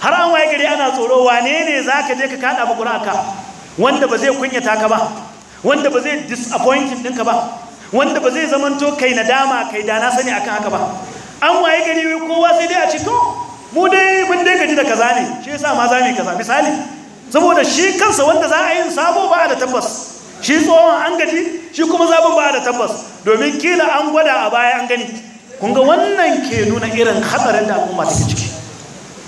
har an waye gari ana tsoro wane ne za ka je ka kaɗa ma ƙura'aka wanda ba zai kunyata ka ba wanda ba zai disappointing ɗinka ba wanda ba zai zamanto kai na dama kai dana sani akan haka ba an waye gani kowa sai dai a cikin to mu dai mun dai gaji da kaza ne shi yasa ma zame kaza misali saboda shi kansa wanda za a yin sabo ba da tabbas shi tsohon an gaji shi kuma zaɓin ba da tabbas domin kila an gwada a baya an gani Kun ga wannan ke nuna irin hatsarin da al'umma take ciki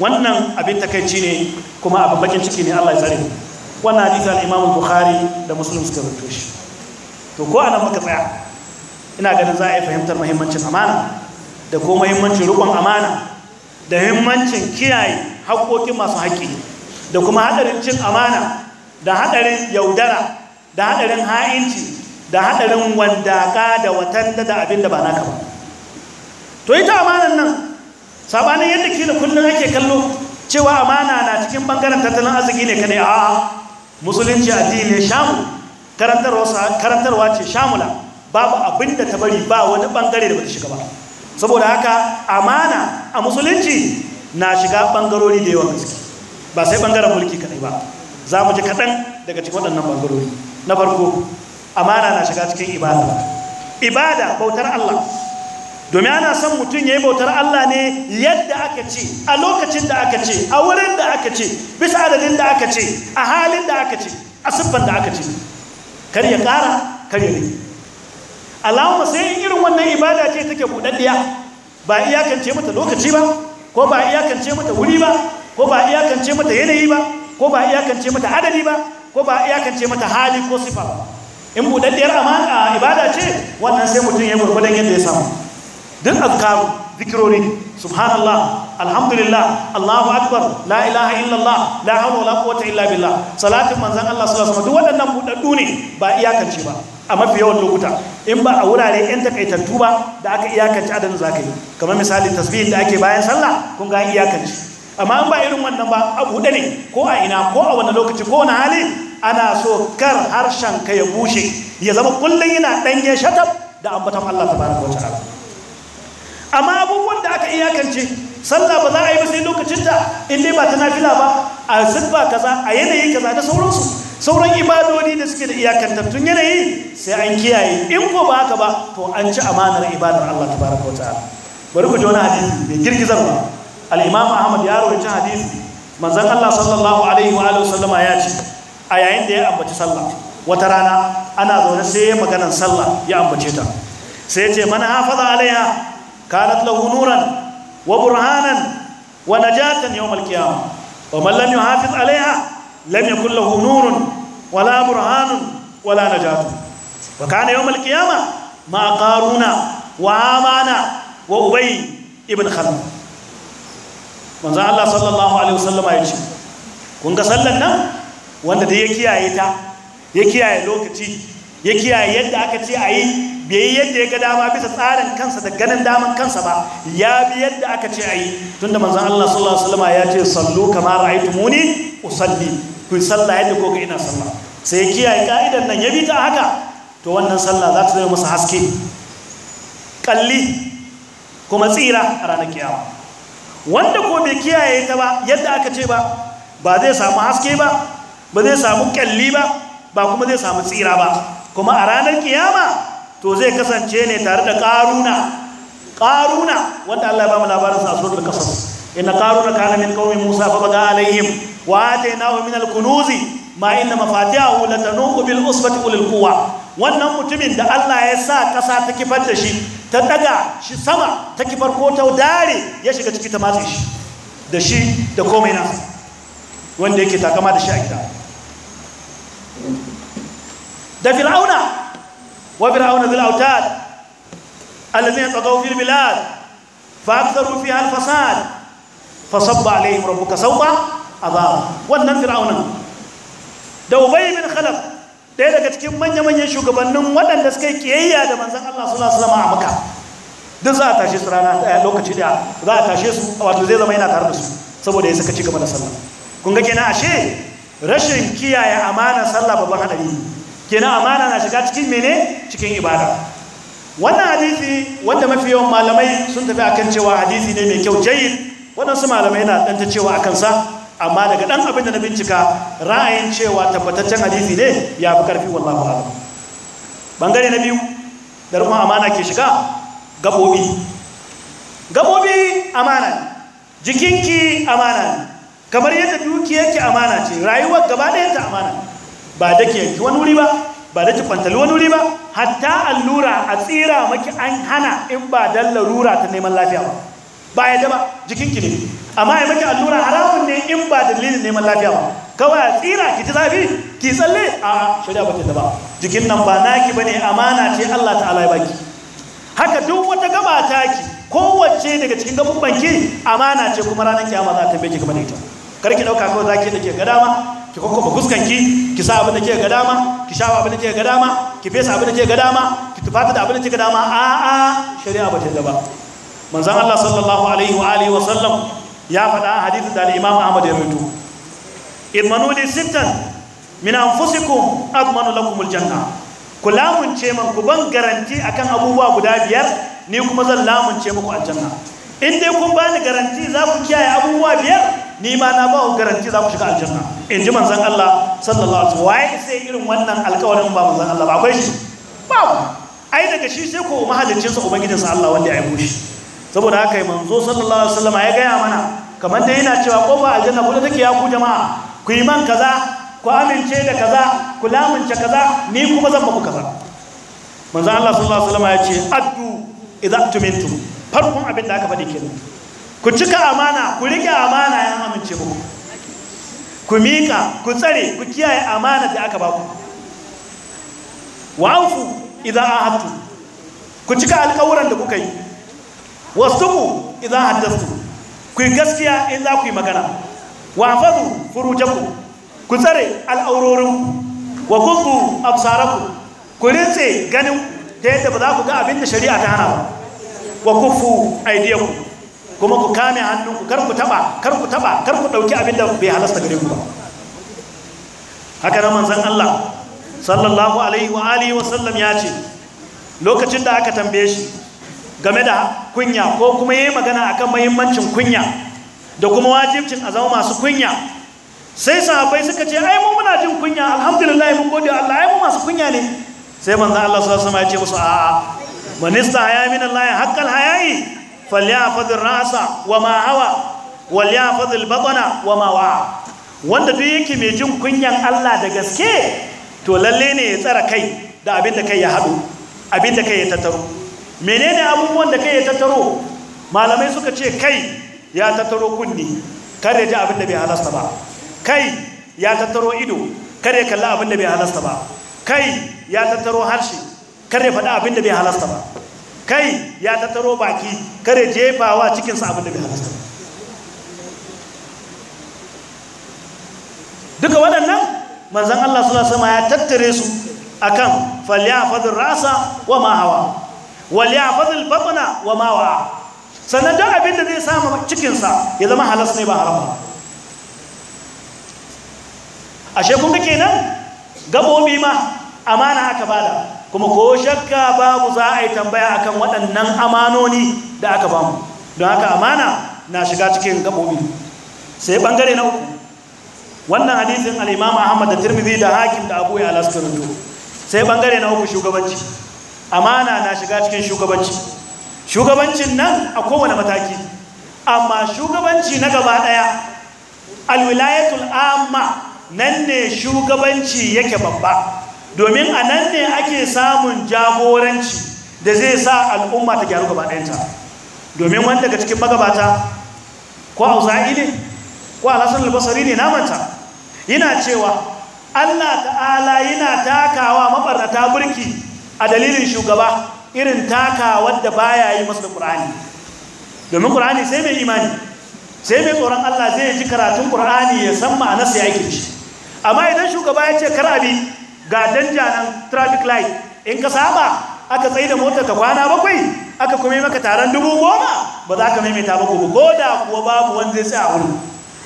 wannan abin takaici ne kuma abin bakin ciki ne allah ya tsare mu wannan hadisi al-imam bukhari da muslim suka rubuto shi to ko anan muka tsaya ina ganin za a yi fahimtar muhimmancin amana da ko muhimmancin rukun amana da muhimmancin kiyaye haƙoƙin masu haƙƙi da kuma haɗarin cin amana da haɗarin yaudara da haɗarin ha'inci da haɗarin wandaka da watanda da abin da ba naka ba to ita amanan nan sabanin yadda kila kullum ake kallo cewa amana na cikin bangaren tattalin arziki ne kadai A'a. musulunci addini ne shamu karantarwa ce shamula babu abin da ta bari ba wani bangare da bata shiga ba saboda haka amana a musulunci na shiga bangarori da yawan ciki ba sai bangaren mulki kadai ba za mu ji kaɗan daga cikin waɗannan bangarori na farko amana na shiga cikin ibada ibada bautar Allah domin ana son mutum ya yi bautar Allah ne yadda aka ce a lokacin da aka ce a wurin da aka ce bisa adadin da aka ce a halin da aka ce a siffar da aka ce kar ya ƙara kar ya rage alama sai irin wannan ibada ce take buɗaɗɗiya ba iyakance mata lokaci ba ko ba iyakance mata wuri ba ko ba iyakance mata yanayi ba ko ba iyakance mata adadi ba ko ba iyakance mata hali ko sifa ba in buɗaɗɗiyar ibada ce wannan sai mutum ya yi gwargwadon yadda ya samu duk azkar zikirori subhanallah alhamdulillah allahu akbar la ilaha illallah la hawla wala quwwata illa billah salatin manzon Allah sallallahu alaihi wasallam duk waɗannan budaddu ne ba iyakance ba a mafi yawan lokuta in ba a wurare yan takaitattu ba da aka iyakance adadin zaka yi kamar misali tasbihin da ake bayan sallah kun ga iyakance amma an ba irin wannan ba a buɗe ne ko a ina ko a wani lokaci ko wani hali ana so kar harshen ka ya bushe ya zama kullum yana ɗanye shatab da ambaton Allah ta baraka wa ta'ala amma abubuwan da aka iyakance sallah ba za a yi ba sai lokacin ta in dai ba ta nafila ba a siffa kaza a yanayi kaza ta sauransu sauran ibadodi da suke da iyakantattun yanayi sai an kiyaye in ko ba haka ba to an ci amanar ibadar Allah tabaraka wataala bari ku ji wani hadisi mai girgizar ba al'imam Ahmad ya rawaita hadisi manzan Allah sallallahu alaihi wa alihi sallama ya ce a yayin da ya ambaci sallah wata rana ana zaune sai ya maganar sallah ya ambace ta sai ya ce man hafaza alaiha كانت له نورا وبرهانا ونجاة يوم القيامة ومن لم يحافظ عليها لم يكن له نور ولا برهان ولا نجاة وكان يوم القيامة مع قارون وعامان وأبي ابن خلف manzo Allah sallallahu alaihi wasallama ya ce kun ga sallan nan wanda da ya kiyaye ta ya kiyaye lokaci ya kiyaye yadda aka ce a yi bai yadda ya ga dama bisa tsarin kansa da ganin daman kansa ba ya bi yadda aka ce a yi tunda manzan Allah sallallahu alaihi wasallama ya ce sallu kamar kama ra'aytumuni usalli ku sallah yadda ko ga ina sallah sai ya kiyaye ka'idan nan ya bi ta haka to wannan sallah za ta zama masa haske kalli kuma tsira a ranar kiyawa wanda ko bai kiyaye ta ba yadda aka ce ba ba zai samu haske ba ba zai samu kyalli ba ba kuma zai samu tsira ba kuma a ranar kiyama to zai kasance ne tare da ƙaruna ƙaruna wanda Allah ya ba mu labarinsa a suratul qasas inna ƙaruna kana min qaumi musa fa baga alaihim wa atainahu min al-kunuz ma inna mafatihahu latanuqu bil usbati ulil quwwa wannan mutumin da Allah ya sa kasa ta kifar da shi ta daga shi sama ta kifar ko ta dare ya shiga ciki ta matse shi da shi da komai na. wanda yake takama da shi a gida ده فرعون وفرعون ذي الأوتاد الذين طغوا في البلاد فأكثروا فيها الفساد فصب عليهم ربك سوط عذاب wannan fir'aunan da ubay bin khalaf ɗaya daga cikin manya-manyan shugabannin waɗanda suka yi kiyayya da manzon Allah sallallahu alaihi wasallam a Makka duk za a tashe su rana ɗaya lokaci da za a tashe su wato zai zama yana tare da su saboda ya saka ci gaba da sallah kun ga kenan ashe rashin kiyaye amana sallah babban hadari ne kenan amana na shiga cikin mene cikin ibada wannan hadisi wanda mafi yawan malamai sun tafi akan cewa hadisi ne mai kyau jayin waɗansu malamai na ɗanta cewa a sa. amma daga ɗan abin da na bincika ra'ayin cewa tabbataccen hadisi ne ya fi ƙarfi wallahu alam bangare na biyu da rukun amana ke shiga gabobi. Gabobi, amana jikinki amana kamar yadda dukiyarki amana ce rayuwar gaba ɗayanta amana ne ba da ke wani wuri ba ba da fantali wani wuri ba hatta allura a tsira maki an hana in ba don larura ta neman lafiya ba ba ya daba jikinki ne amma ya maki allura haramun ne in ba dalilin neman lafiya ba kawai a tsira ki ta zafi ki tsalle a shari'a ba ta daba jikin nan ba naki ne amana ce Allah ta'ala ya baki haka duk wata gaba ki kowace daga cikin gaban ki amana ce kuma ranar kiyama za ta bege kamar ita kar ki dauka ko zaki da ke ga dama ki kokko ba fuskan ki ki sa abin da ke ga dama ki sha abin da ke ga dama ki fesa abin da ke ga dama ki tufata da abin da ke ga dama a a shari'a ba ta da ba manzon Allah sallallahu alaihi wa alihi wa sallam ya faɗa hadisi da Imam Ahmad ya rubuto irmanu li sittan min anfusikum admanu lakumul janna ku lamunce man ku ban garanti akan abubuwa guda biyar ni kuma zan lamunce muku aljanna in dai kun bani garanti za ku kiyaye abubuwa biyar ni ma na ba ku garanti za ku shiga aljanna in ji manzon Allah sallallahu alaihi wa waye sai irin wannan alƙawarin ba manzon Allah ba akwai shi ba ai daga shi sai ko mahallincinsa sa Allah wanda ya yi shi saboda haka yi manzo sallallahu alaihi wa sallam ya gaya mana kamar dai yana cewa kofa aljanna ko take ya ku jama'a ku yi man kaza ku amince da kaza ku lamunce kaza ni kuma zan muku kaza manzo Allah sallallahu alaihi wa sallam ya ce addu idza tumintum farkon abin da aka faɗi kenan ku cika amana ku riƙe amana yan amince ku ku miƙa ku tsare ku kiyaye amana da aka baku wa'afu idan ahadtu ku cika alƙawuran da kuka yi wastuku idan haddastu ku yi gaskiya in za ku yi magana wafazu furujaku ku tsare al'aurorin wa gudu absaraku ku rintse ganin ta yadda ba za ku ga abin da shari'a ta hana ba wa kufu aidiyaku kuma ku kame hannunku kar ku taba kar ku taba kar ku dauki abin da bai halasta gare ku ba haka nan manzon Allah sallallahu alaihi wa alihi wa sallam ya ce lokacin da aka tambaye shi game da kunya ko kuma yayi magana akan muhimmancin kunya da kuma wajibcin a zama masu kunya sai sahabbai suka ce ai mu muna jin kunya alhamdulillah mun gode Allah ai mu masu kunya ne sai manzon Allah sallallahu alaihi wa sallam ya ce musu a'a manista ya min Allah haqqal hayayi falyafadh rasa wa ma hawa walyafadh albatna wa ma wa wanda duk yake mai jin kunyan Allah da gaske to lalle ne ya tsara kai da abin da kai ya hadu abin da kai ya tattaro menene abubuwan da kai ya tattaro malamai suka ce kai ya tattaro kunni kare ji abin da bai halasta ba kai ya tattaro ido kare kalla abin da bai halasta ba kai ya tattaro harshe kare faɗa abin da bai halasta ba kai ya tattaro baki kare jefawa cikinsa abin da bai halasta duka waɗannan manzan Allah suna sama ya tattare su akan falyafadul rasa wa ma hawa walyafadul wa ma sannan duk abin da zai samu cikinsa ya zama halas ne ba haram ashe kun ke kenan gabobi ma amana aka bada kuma ko shakka babu za a yi tambaya akan waɗannan amanoni da aka bamu don haka amana na shiga cikin gaɓoɓi sai ɓangare na uku wannan hadisin Alimama ahmad da turmizi da hakim da abu ya alaskarinto sai ɓangare na uku shugabanci amana na shiga cikin shugabanci shugabancin nan a kowane mataki amma shugabanci na gaba ɗaya alwilayatul amma nan ne shugabanci yake babba domin a nan ne ake samun jagoranci da zai sa al'umma ta gyaru gaba ɗayanta domin wani daga cikin magabata ko auza'i ne ko alasan albasari ne namanta yana cewa allah ta'ala yana takawa mabarnata burki a dalilin shugaba irin takawar da baya yi masu da ƙur'ani domin ƙur'ani sai mai imani sai mai tsoron allah zai ji karatun ƙur'ani ya san ma'anarsa ya yi amma idan shugaba ya ce kar abi ga danja nan traffic light in ka saba aka tsaye da motar ka kwana bakwai aka kuma yi maka taron dubu goma ba za ka maimaita ba ko da kuwa babu wanda zai a wuri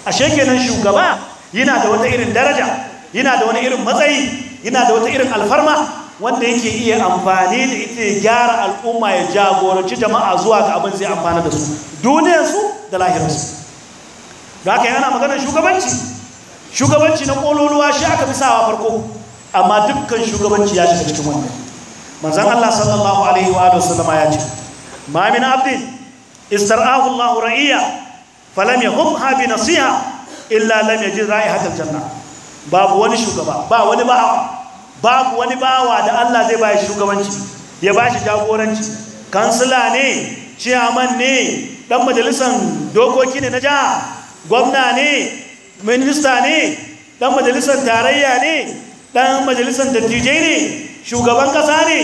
ashe kenan shugaba yana da wata irin daraja yana da wani irin matsayi yana da wata irin alfarma wanda yake iya amfani da ita ya gyara al'umma ya jagoranci jama'a zuwa ga abin zai amfana da su duniyar su da lahirarsu da haka yana maganar shugabanci shugabanci na ƙololuwa shi aka fi sawa farko amma dukkan shugabanci ya shiga cikin wannan manzon Allah sallallahu alaihi wa sallama ya ce ma min abdin istar'ahu Allah ra'iya falam yahubha bi nasiha illa lam yajid ra'ihatal janna babu wani shugaba ba wani ba babu wani bawa da Allah zai bashi shugabanci ya ba shi jagoranci kansila ne ciyaman ne dan majalisan dokoki ne na jiha gwamna ne minista ne dan majalisar tarayya ne ɗan majalisar dattijai ne shugaban ƙasa ne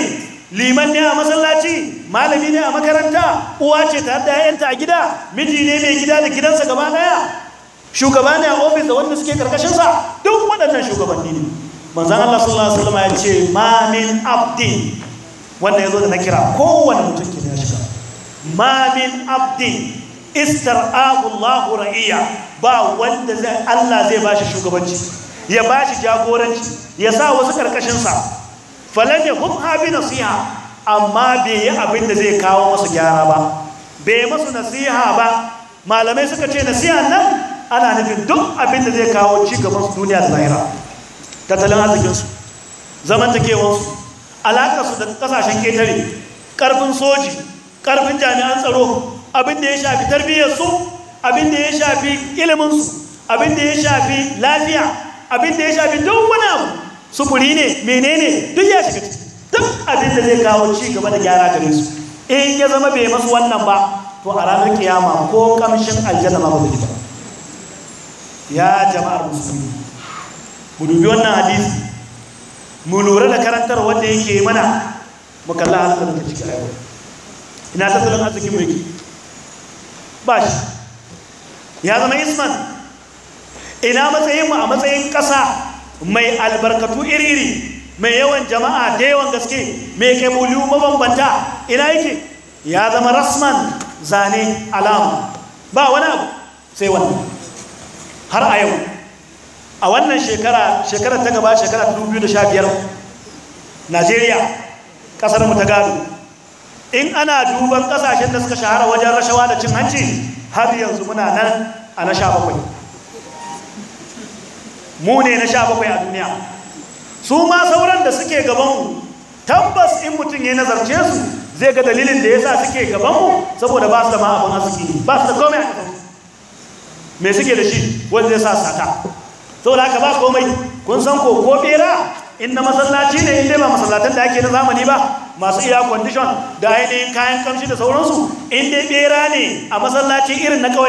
liman ne a masallaci malami ne a makaranta uwa ce ta da yayanta a gida miji ne mai gida da gidansa gaba daya shugaba ne a ofis da wanda suke karkashinsa duk waɗannan shugabanni ne manzan Allah sallallahu alaihi wasallam ya ce Mamin Abdi, wanda ya zo da na kira kowane mutum ke ya shiga Mamin Abdi, abdin istar'ahu ba wanda Allah zai bashi shugabanci ya ba shi jagoranci ya sa wasu ƙarƙashinsa falon ya hum habi nasiha amma bai yi abin da zai kawo masu gyara ba bai masu nasiha ba malamai suka ce nasiha nan ana nufin duk abin da zai kawo ci cigabansu duniya da lahira tattalin arzikinsu zamantakewarsu alaƙarsu da ƙasashen ƙetare ƙarfin soji ƙarfin jami'an tsaro abin da ya shafi tarbiyyarsu abin da ya shafi iliminsu abin da ya shafi lafiya abin da ya shafi don wani abu sufuri ne menene duk ya shiga duk abin da zai kawo ci gaba da gyara gare su in ya zama bai masu wannan ba to a ranar kiyama ko kamshin aljanna ma ba zai ba ya jama'ar musulmi mu dubi wannan hadisi mu lura da karantar wanda yake mana mu kalla halin da cikin ayyuka ina tattalin arziki mu yake ba shi ya zama isman ina matsayinmu a matsayin ƙasa mai albarkatu iriri mai yawan jama'a da yawan gaske mai kemulu mabambanta ina yake ya zama rasman zane alamu ba wani abu sai wani har a yau a wannan shekara shekara ta gaba shekara 2015 najeriya ƙasarmu ta gado in ana duban ƙasashen da suka shahara wajen rashawa da cin hanci har yanzu muna nan a na sha bakwai mu ne na sha bakwai a duniya su ma sauran da suke gabanmu tabbas in mutum ya nazarce su zai ga dalilin da ya sa suke gabanmu saboda ba su da ma arziki ba su da komai a gabanmu suke da shi wanda zai sa sata saboda haka ba komai kun san ko ko bera in na masallaci ne in dai ba masallatan da ake na zamani ba masu iya condition da ainihin kayan kamshi da sauransu in dai bera ne a masallaci irin na mu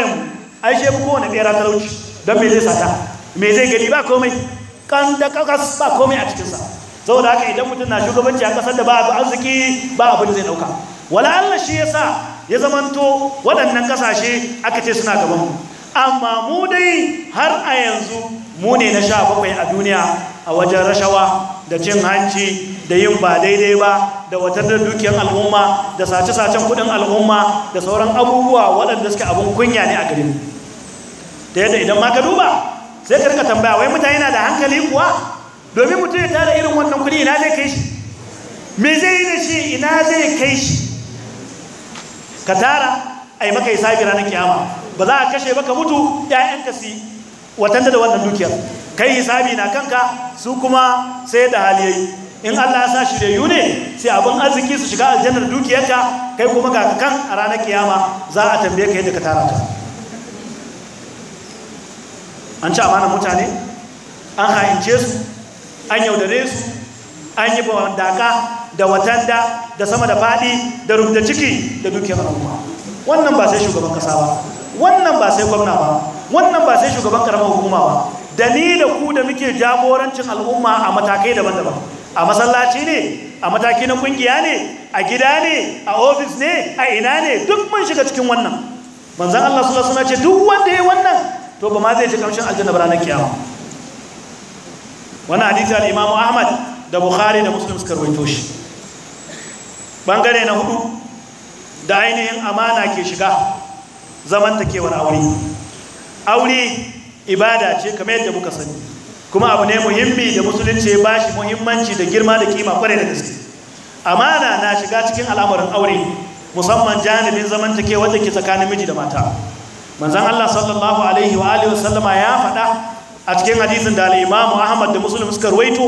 ai shebu kowane bera talauci don me zai sata me zai gani ba komai kan da kakas ba komai a cikinsa saboda haka idan mutum na shugabanci a kasar da ba abu arziki ba abu da zai dauka wala Allah shi yasa ya zamanto waɗannan kasashe aka ce suna gaban mu amma mu dai har a yanzu mu ne na sha bakwai a duniya a wajen rashawa da cin hanci da yin ba daidai ba da watar da dukiyar al'umma da sace-sacen kuɗin al'umma da sauran abubuwa waɗanda suke abin kunya ne a garin ta yadda idan ma ka duba sai ka rika tambaya wai mutane na da hankali kuwa domin mutum ya tara irin wannan kudi ina zai kai shi me zai yi da shi ina zai kai shi ka tara ai maka hisabi ranar kiyama ba za a kashe ba ka mutu ƴaƴanka si watanta da wannan dukiyar kai hisabi na kanka su kuma sai da hali in Allah ya sa shi da yune sai abin arziki su shiga aljannar dukiyarka kai kuma ga kan a ranar kiyama za a tambaye ka yadda ka tara ta an ci amanar mutane an haince su an yaudare su an yi daka da watanda da sama da faɗi da rubda ciki da dukiyar al'umma wannan ba sai shugaban kasa ba wannan ba sai gwamna ba wannan ba sai shugaban karamar hukuma ba da ni da ku da muke jagorancin al'umma a matakai daban-daban a masallaci ne a mataki na kungiya ne a gida ne a ofis ne a ina ne duk mun shiga cikin wannan manzan Allah sallallahu alaihi wasallam ce duk wanda ya yi wannan to ba ma zai ji kamshin aljanna ba ranar kiyama Wani hadisi al-imam Ahmad da Bukhari da Muslim suka shi bangare na hudu da ainihin amana ke shiga zamantakewar aure aure ibada ce kama yadda muka sani kuma abu ne muhimmi da musulunci ba bashi muhimmanci da girma da kima kware da gaske amana na shiga cikin al'amarin aure musamman janibin zamantakewar da ke tsakanin miji da mata manzan Allah sallallahu alaihi wa alihi wasallama ya faɗa a cikin hadisin da al Ahmad da Muslim suka ruwaito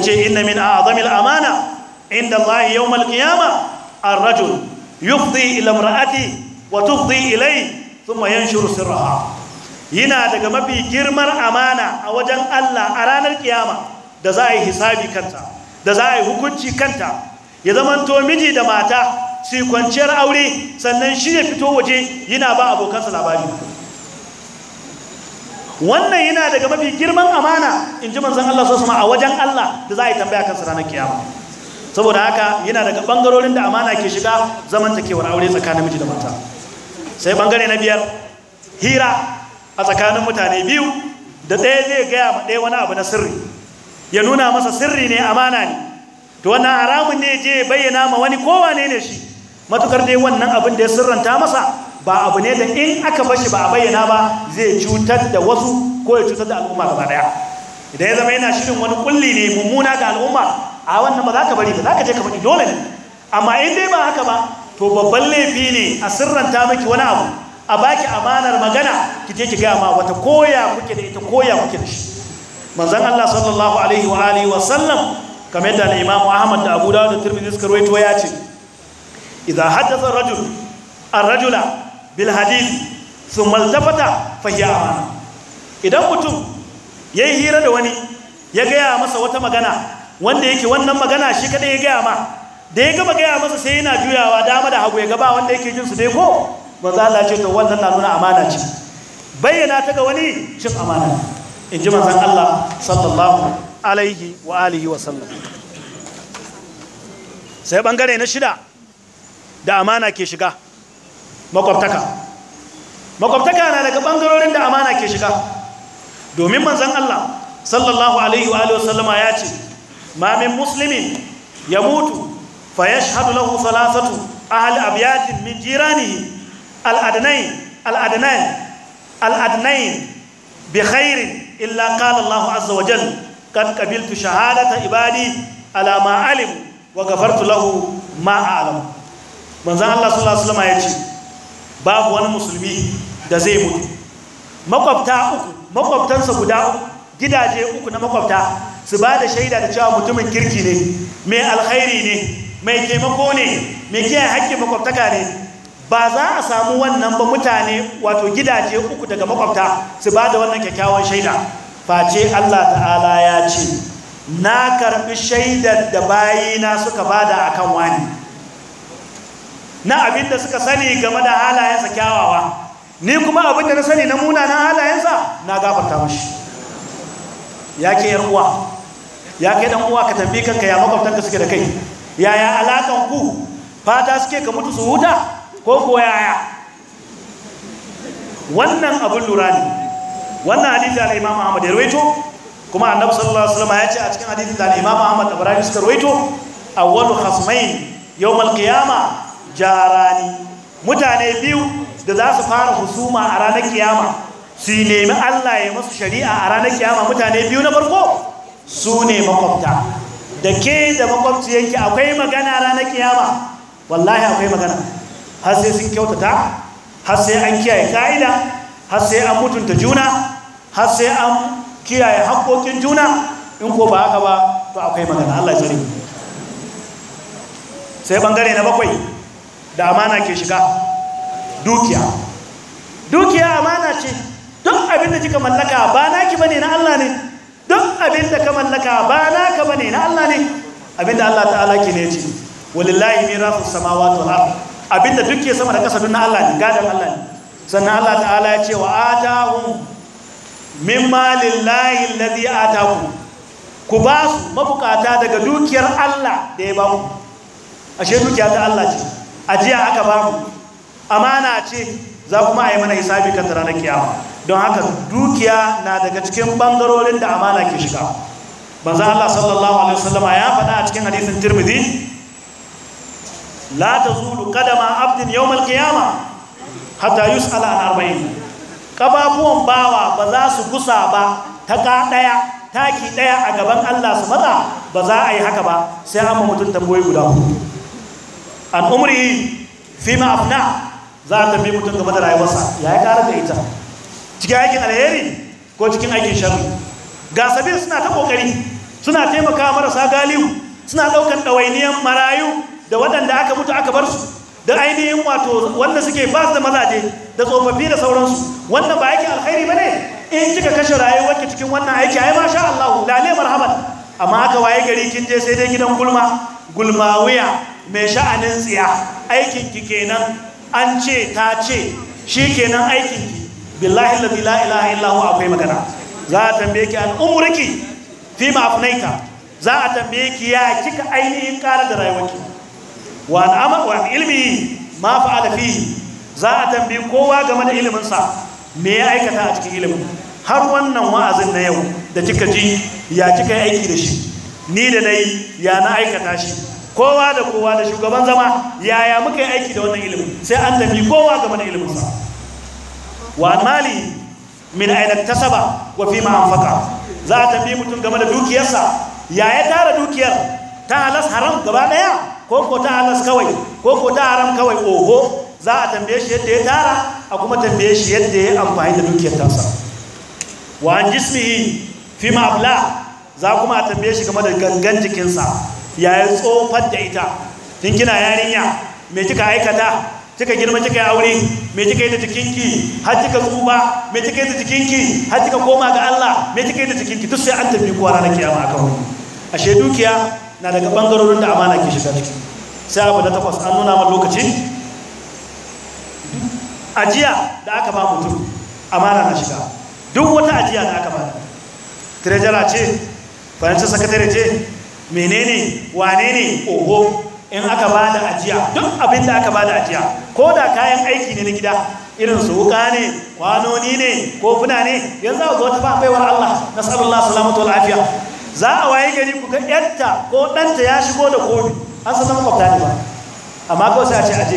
ce inna min a'zamil amana inda Allah yawm al-qiyama rajul yufdi ila imra'ati wa tufdi ilay thumma yanshuru sirraha yana daga mafi girmar amana a wajen Allah a ranar kiyama da za a yi hisabi kanta da za a yi hukunci kanta ya zamanto miji da mata su kwanciyar aure sannan shi ya fito waje yana ba abokansa labari wannan yana daga mafi girman amana in ji manzan Allah sosu ma a wajen Allah da za a yi tambaya kansa ranar kiyama saboda haka yana daga bangarorin da amana ke shiga zaman zamantakewar aure tsakanin miji da mata sai bangare na biyar hira a tsakanin mutane biyu da ɗaya zai gaya ma ɗaya wani abu na sirri ya nuna masa sirri ne amana ne to wannan haramun ne je bayyana ma wani ne ne shi matukar dai wannan abin da ya sirranta masa ba abu ne da in aka bashi ba a bayyana ba zai cutar da wasu ko ya cutar da al'umma gaba daya idan ya zama yana shirin wani kulli ne mummuna ga al'umma a wannan ba za ka bari ba za ka je ka faɗi dole ne amma in dai ba haka ba to babban laifi ne a sirranta miki wani abu a baki amanar magana ki je ki gaya ma wata koya kuke da ita koya kuke da shi manzon Allah sallallahu alaihi wa alihi wa sallam kamar da Ahmad da Abu Dawud da Tirmidhi suka ya ce idza hadatha rajul ar-rajula bil hadith thumma altafata idan mutum yayi hira da wani ya gaya masa wata magana wanda yake wannan magana shi kada ya gaya ma da ya gama gaya masa sai yana juyawa dama da hagu ya gaba wanda yake jin su dai ko manzo Allah ce to wannan na nuna amana ce bayyana ta ga wani cin amana in ji manzon Allah sallallahu alaihi wa alihi wa sallam sai bangare na shida da amana ke shiga makwabtaka makwabtaka na daga bangarorin da amana ke shiga domin manzon Allah sallallahu alaihi wa alihi wasallama ya ce ma min muslimin mutu fa yashhadu lahu thalathatu ahli abyatin min jiranihi al-adnain al-adnain al-adnain bi khairin illa qala Allah azza wa jalla قد قبلت شهادة عبادي على ما علم وغفرت له manzan Allah sallallahu alaihi ya ce babu wani musulmi da zai mutu makwabta uku makwabtansa guda uku gidaje uku na makwabta su ba da shaida da cewa mutumin kirki ne mai alkhairi ne mai taimako ne mai kiyaye haƙƙin makwabtaka ne ba za a samu wannan ba mutane wato gidaje uku daga makwabta su ba da wannan kyakkyawan shaida face Allah ta'ala ya ce na karɓi shaidar da bayina suka bada akan wani na abin da suka sani game da halayensa kyawawa ni kuma abin da na sani na munanan halayensa na gafarta mashi ya ke yan uwa ya ke dan uwa ka tambi kanka ya makwabtanka suke da kai yaya alakan ku fata suke ka mutu su huta ko ko yaya wannan abin lura ne wannan hadisi da Imam Ahmad ya rawaito kuma Annabi sallallahu alaihi wasallam ya ce a cikin hadisi da Imam Ahmad da barani suka rawaito awwalu khasmain yawm al jarani mutane biyu da za su fara husuma a ranar kiyama su nemi Allah ya masu shari'a a ranar kiyama mutane biyu na farko su ne makwabta da ke da makwabci yanki akwai magana ranar kiyama wallahi akwai magana har sai sun kyautata har sai an kiyaye ka'ida har sai an mutunta juna har sai an kiyaye haƙoƙin juna in ko ba haka ba to akwai magana Allah ya sani sai bangare na bakwai da amana ke shiga dukiya dukiya amana ce don abin da kika mallaka ba naki bane na Allah ne don abin da ka mallaka ba naka bane na Allah ne abin da Allah ta'ala ke ne ce wallahi mirafu samawati wal ard abin da duke sama da kasa na Allah ne gadan Allah ne sannan Allah ta'ala ya ce wa atahum mimma lillahi alladhi atahum ku ba su mabukata daga dukiyar Allah da ya ba mu ashe dukiya ta Allah ce A jiya aka ba mu amana ce za kuma a yi mana hisabi kan ranar kiyama don haka dukiya na daga cikin bangarorin da amana ke shiga banzan Allah sallallahu alaihi wasallama ya faɗa a cikin hadisin Tirmidhi la tazulu qadama abdin yawm al-qiyama hatta yus'ala an arba'in kafafuwan bawa ba za su gusa ba ta ka daya taki daya a gaban Allah su matsa ba za a yi haka ba sai an mutunta tamboyi guda hudu an umri fi ma afna za a tafi mutum game da rayuwarsa ya yi ƙara da ita cikin aikin alheri ko cikin aikin sharri ga suna ta ƙoƙari suna taimaka marasa galihu suna ɗaukar ɗawainiyan marayu da waɗanda aka mutu aka bar su da ainihin wato wanda suke ba su da mazaje da tsofaffi da sauransu wannan ba aikin alheri ba ne in kika kashe rayuwar rayuwarki cikin wannan aiki ai masha Allah lale marhaban amma aka waye gari kin je sai dai gidan gulma gulma wuya mai sha'anin tsiya aikinki kenan an ce ta ce shi kenan aikinki billahi lafi ilaha illahu akwai magana za a tambaye ki al'umurki fi ma'afnaita za a tambaye ki ya kika ainihin ƙara da rayuwarki wa al'amar wa ilmi ma fa'ala fi? za a tambaye kowa game da iliminsa me ya aikata a cikin ilimin har wannan wa'azin na yau da kika ji ya kika yi aiki da shi ni da nayi ya na aikata shi kowa da kowa da shugaban zama yaya muka yi aiki da wannan ilimin sai an tafi kowa game da iliminsa wa mali min aina tasaba wa fi ma'amfaka za a tambi mutum game da dukiyarsa yaya tara dukiyar ta halas haram gaba daya ko ko ta halas kawai ko ko ta haram kawai oho za a tambaye shi yadda ya tara a kuma tambaye shi yadda ya amfani da dukiyar tasa wa an jismihi fi ma'abla za kuma a tambaye shi game da gangan jikinsa ya yi tsofar da ita tun kina yarinya me kika aikata kika girma kika yi aure me kika yi da jikinki har kika tsufa me kika yi da jikinki har kika koma ga Allah me kika yi da jikinki duk sai an tafi kuwa ranar kiyama akan wani ashe dukiya na daga bangarorin da amana ke shiga ciki sai abu na takwas an nuna ma lokaci ajiya da aka ba mutum amana na shiga duk wata ajiya da aka ba treasurer ce financial secretary ce menene wanene ne oho in aka ba da ajiya duk abin da aka ba da ajiya ko da kayan aiki ne na gida irin su wuka ne kwanoni ne funa ne yanzu a zo ta ba baiwar Allah na sallallahu salamatu wal lafiya za a waye gari ku ga yarta ko ɗanta ya shigo da kofi an san makwabta ne ba amma ko sai a ce aje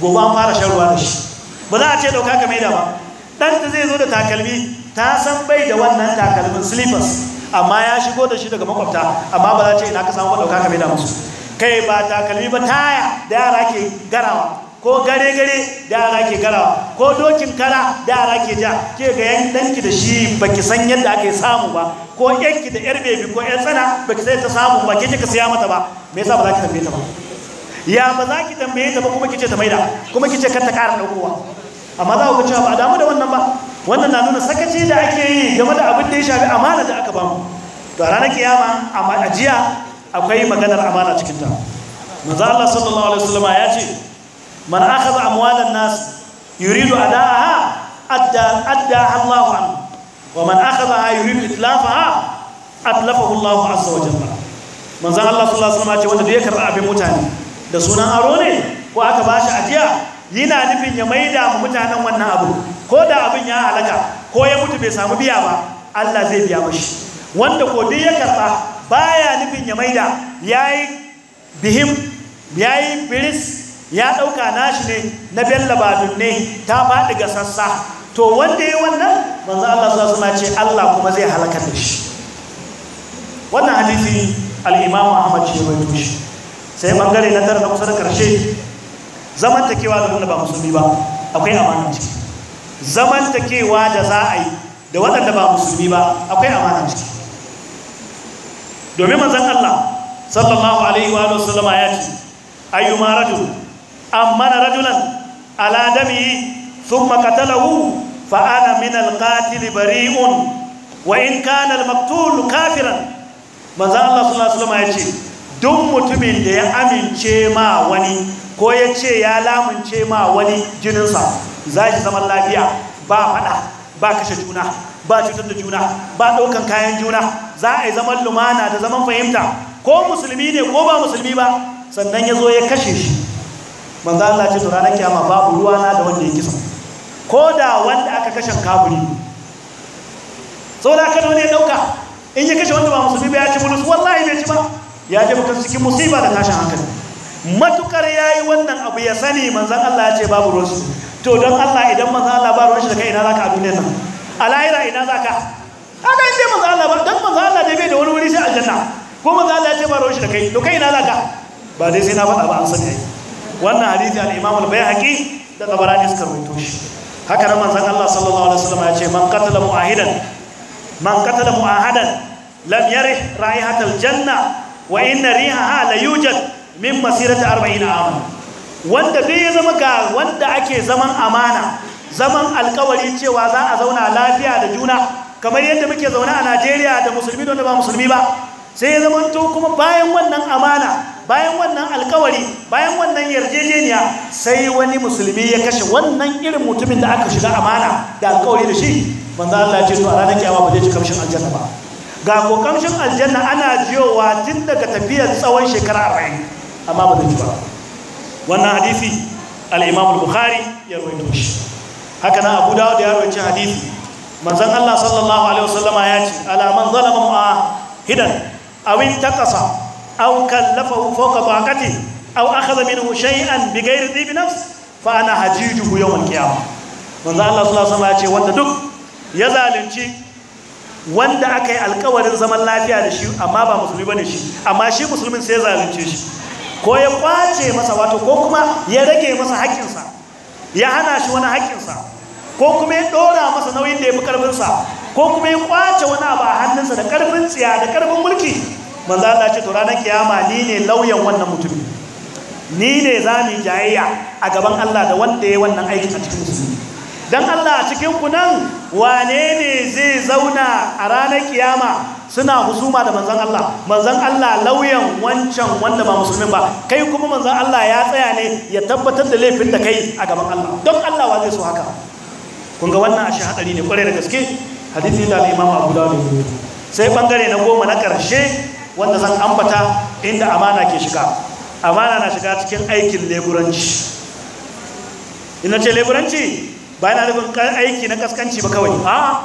gobe an fara shan ruwa da shi ba za a ce dauka ka maida ba ɗanta zai zo da takalmi ta san bai da wannan takalmin slippers amma ya shigo da shi daga makwabta amma ba za ce ina ka samu maɗauka ka maida musu kai ba takalmi ba taya da yara ke garawa ko gare gare da yara ke garawa ko dokin kara da yara ke ja ke ga yan danki da shi baki san yadda aka samu ba ko yanki da yar bebi ko yan tsana baki sai ta samu ba ke kika siya mata ba me yasa ba za ki tambaye ta ba ya ba za ki tambaye ta ba kuma kice ta maida kuma kice kar ta ƙara ɗaukowa amma za ku cewa ba a damu da wannan ba wannan na nuna sakaci da ake yi game da abin da ya shafi amana da aka bamu to a ranar kiyama a jiya akwai maganar amana cikin ta manzo Allah sallallahu alaihi wasallam ya ce man akhadha amwalan nas yuridu adaaha adda adda Allahu an wa man akhadha yuridu itlafaha atlafahu Allahu azza wa jalla manzo Allah sallallahu alaihi wasallam ya ce wanda da ya karba abin mutane da sunan aro ne ko aka bashi ajiya yana nufin ya maida mu mutanen wannan abu ko da abin ya halaka ko ya mutu bai samu biya ba Allah zai biya mashi wanda ko duk ya karɓa baya nufin ya maida yayi bihim yayi biris ya ɗauka nashi ne na Bello badun ne ta faɗi ga sassa to wanda ya wannan manzo Allah sallallahu alaihi ce Allah kuma zai halaka da shi wannan hadisi al-Imam Ahmad ce ya shi sai bangare na tara na kusa da karshe zamantakewa da wanda ba musulmi ba akwai amana ciki zamantakewa da za a yi da waɗanda ba musulmi ba akwai amana ciki domin manzan Allah sallallahu alaihi wa sallama ya ce ayyuma rajul amana rajulan ala dami thumma qatalahu fa ana min alqatil bari'un wa in kana almaqtul kafiran manzan Allah sallallahu alaihi wa sallama ya ce duk mutumin da ya amince ma wani ko ya ce ya lamunce ma wani jininsa za shi zaman lafiya ba faɗa ba kashe juna ba cutar da juna ba ɗaukan kayan juna za a yi zaman lumana da zaman fahimta ko musulmi ne ko ba musulmi ba sannan ya zo ya kashe shi manzan Allah ce to ranar babu ruwa na da wanda ya kisa ko da wanda aka kashe kaburi da aka nuna ya ɗauka in ya kashe wanda ba musulmi ba ya ci bulus wallahi bai ci ba ya je mutum cikin musiba da tashin hankali matukar ya yi wannan abu ya sani manzan Allah ya ce babu ruwansu to don Allah idan manzan Allah ba ruwan shi da kai ina za ka a duniyar nan a lahira ina za ka haka inda manzan Allah ba don manzan Allah ne bai da wani wuri sai aljanna ko manzan Allah ya ce ba ruwan shi da kai to kai ina za ka ba dai sai na faɗa ba an sani ai wannan hadisi al-Imam al-Baihaqi da Tabarani suka rubuto shi haka nan manzan Allah sallallahu alaihi wasallam ya ce man qatala mu'ahidan man qatala mu'ahadan lam yarih ra'ihatal janna wa inna riha la yujad min masirati 40 wanda duk ya zama ga wanda ake zaman amana zaman alkawari cewa za a zauna lafiya da juna kamar yadda muke zaune a Najeriya da musulmi da ba musulmi ba sai ya zama to kuma bayan wannan amana bayan wannan alkawari bayan wannan yarjejeniya sai wani musulmi ya kashe wannan irin mutumin da aka shiga amana da alkawari da shi manzo Allah ya ce to a ranar kiyama ba zai ci kamshin aljanna ba ga kokamshin kamshin aljanna ana jiyowa tun daga tafiyar tsawon shekara arba'in amma ba zai ba wannan hadisi al-imam al-bukhari ya rawaito shi haka na abu dawud ya rawaito hadisi manzon Allah sallallahu alaihi wasallama ya ce ala man zalama mu'ahidan aw intaqasa aw kallafahu fawqa taqati aw akhadha minhu shay'an bighairi dhibi nafs fa ana hajijuhu yawm al-qiyamah manzon Allah sallallahu alaihi wasallama ya ce wanda duk ya zalunci wanda aka yi alkawarin zaman lafiya da shi amma ba musulmi bane shi amma shi musulmin sai zalunce shi ko ya kwace masa wato ko kuma ya rage masa haƙƙinsa ya hana shi wani haƙƙinsa ko kuma ya ɗora masa nauyin da ya fi ƙarfinsa ko kuma ya kwace wani abu a hannunsa da ƙarfin tsiya da ƙarfin mulki manzo Allah ce to ranar kiyama ni ne lauyan wannan mutumin ni ne za mu jayayya a gaban Allah da wanda ya yi wannan aikin a cikin musulmi don Allah a cikinku nan wane ne zai zauna a ranar kiyama suna husuma da manzan Allah manzan Allah lauyan wancan wanda ba musulmin ba kai kuma manzan Allah ya tsaya ne ya tabbatar da laifin da kai a gaban Allah don Allah wa zai so haka kun ga wannan ashe hadari ne kwarai da gaske hadisi da Imam Abu Dawud sai bangare na goma na karshe wanda zan ambata inda amana ke shiga amana na shiga cikin aikin leburanci ina ce leburanci ba yana nufin aiki na kaskanci ba kawai a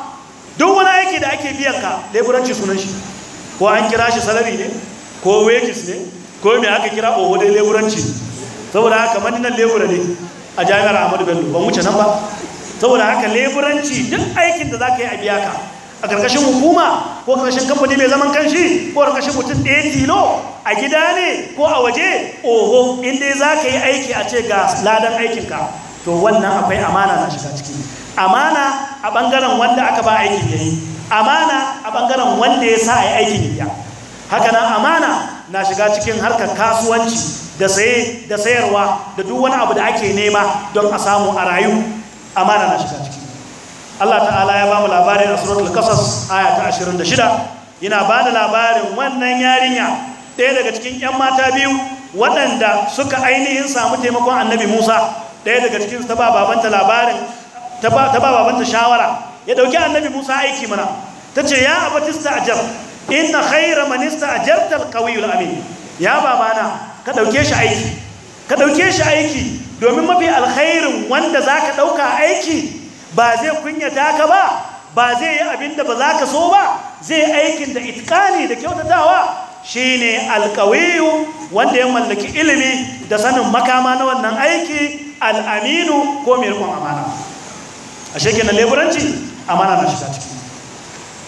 duk wani aiki da ake biyan ka leburanci sunan shi ko an kira shi salari ne ko wages ne ko mai aka kira oho dai leburanci saboda haka madinan lebura ne a jami'ar ahmadu bello ban wuce nan ba saboda haka leburanci duk aikin da za ka yi a biya ka a ƙarƙashin hukuma ko ƙarƙashin kamfani mai zaman kanshi ko ƙarƙashin mutum ɗaya tilo a gida ne ko a waje oho inda za ka yi aiki a ce ga ladan aikinka to wannan akwai amana na shiga ciki amana a bangaren wanda aka ba aikin yayi amana a bangaren wanda ya sa a yi aikin ya haka nan amana na shiga cikin harkar kasuwanci da saye da sayarwa da duk wani abu da ake nema don a samu a rayu amana na shiga ciki Allah ta'ala ya ba mu labarin a suratul qasas aya ta 26 yana ba da labarin wannan yarinya ɗaya daga cikin 'yan mata biyu waɗanda suka ainihin samu taimakon annabi Musa ɗaya daga cikin ta ba babanta labarin ta ba babanta shawara ya ɗauki annabi Musa aiki mana tace ya abatista ajab inna khayra man istajabta alqawiyul amin ya babana ka ɗauke shi aiki ka dauke shi aiki domin mafi alkhairin wanda zaka dauka aiki ba zai kunyata ka ba ba zai yi abinda ba ka so ba zai aikin da itkani da kyautatawa shine alkawiyu wanda ya mallaki ilimi da sanin makama na wannan aiki al'aminu ko mai rikon amana a shekin na leburanci amana na shiga ciki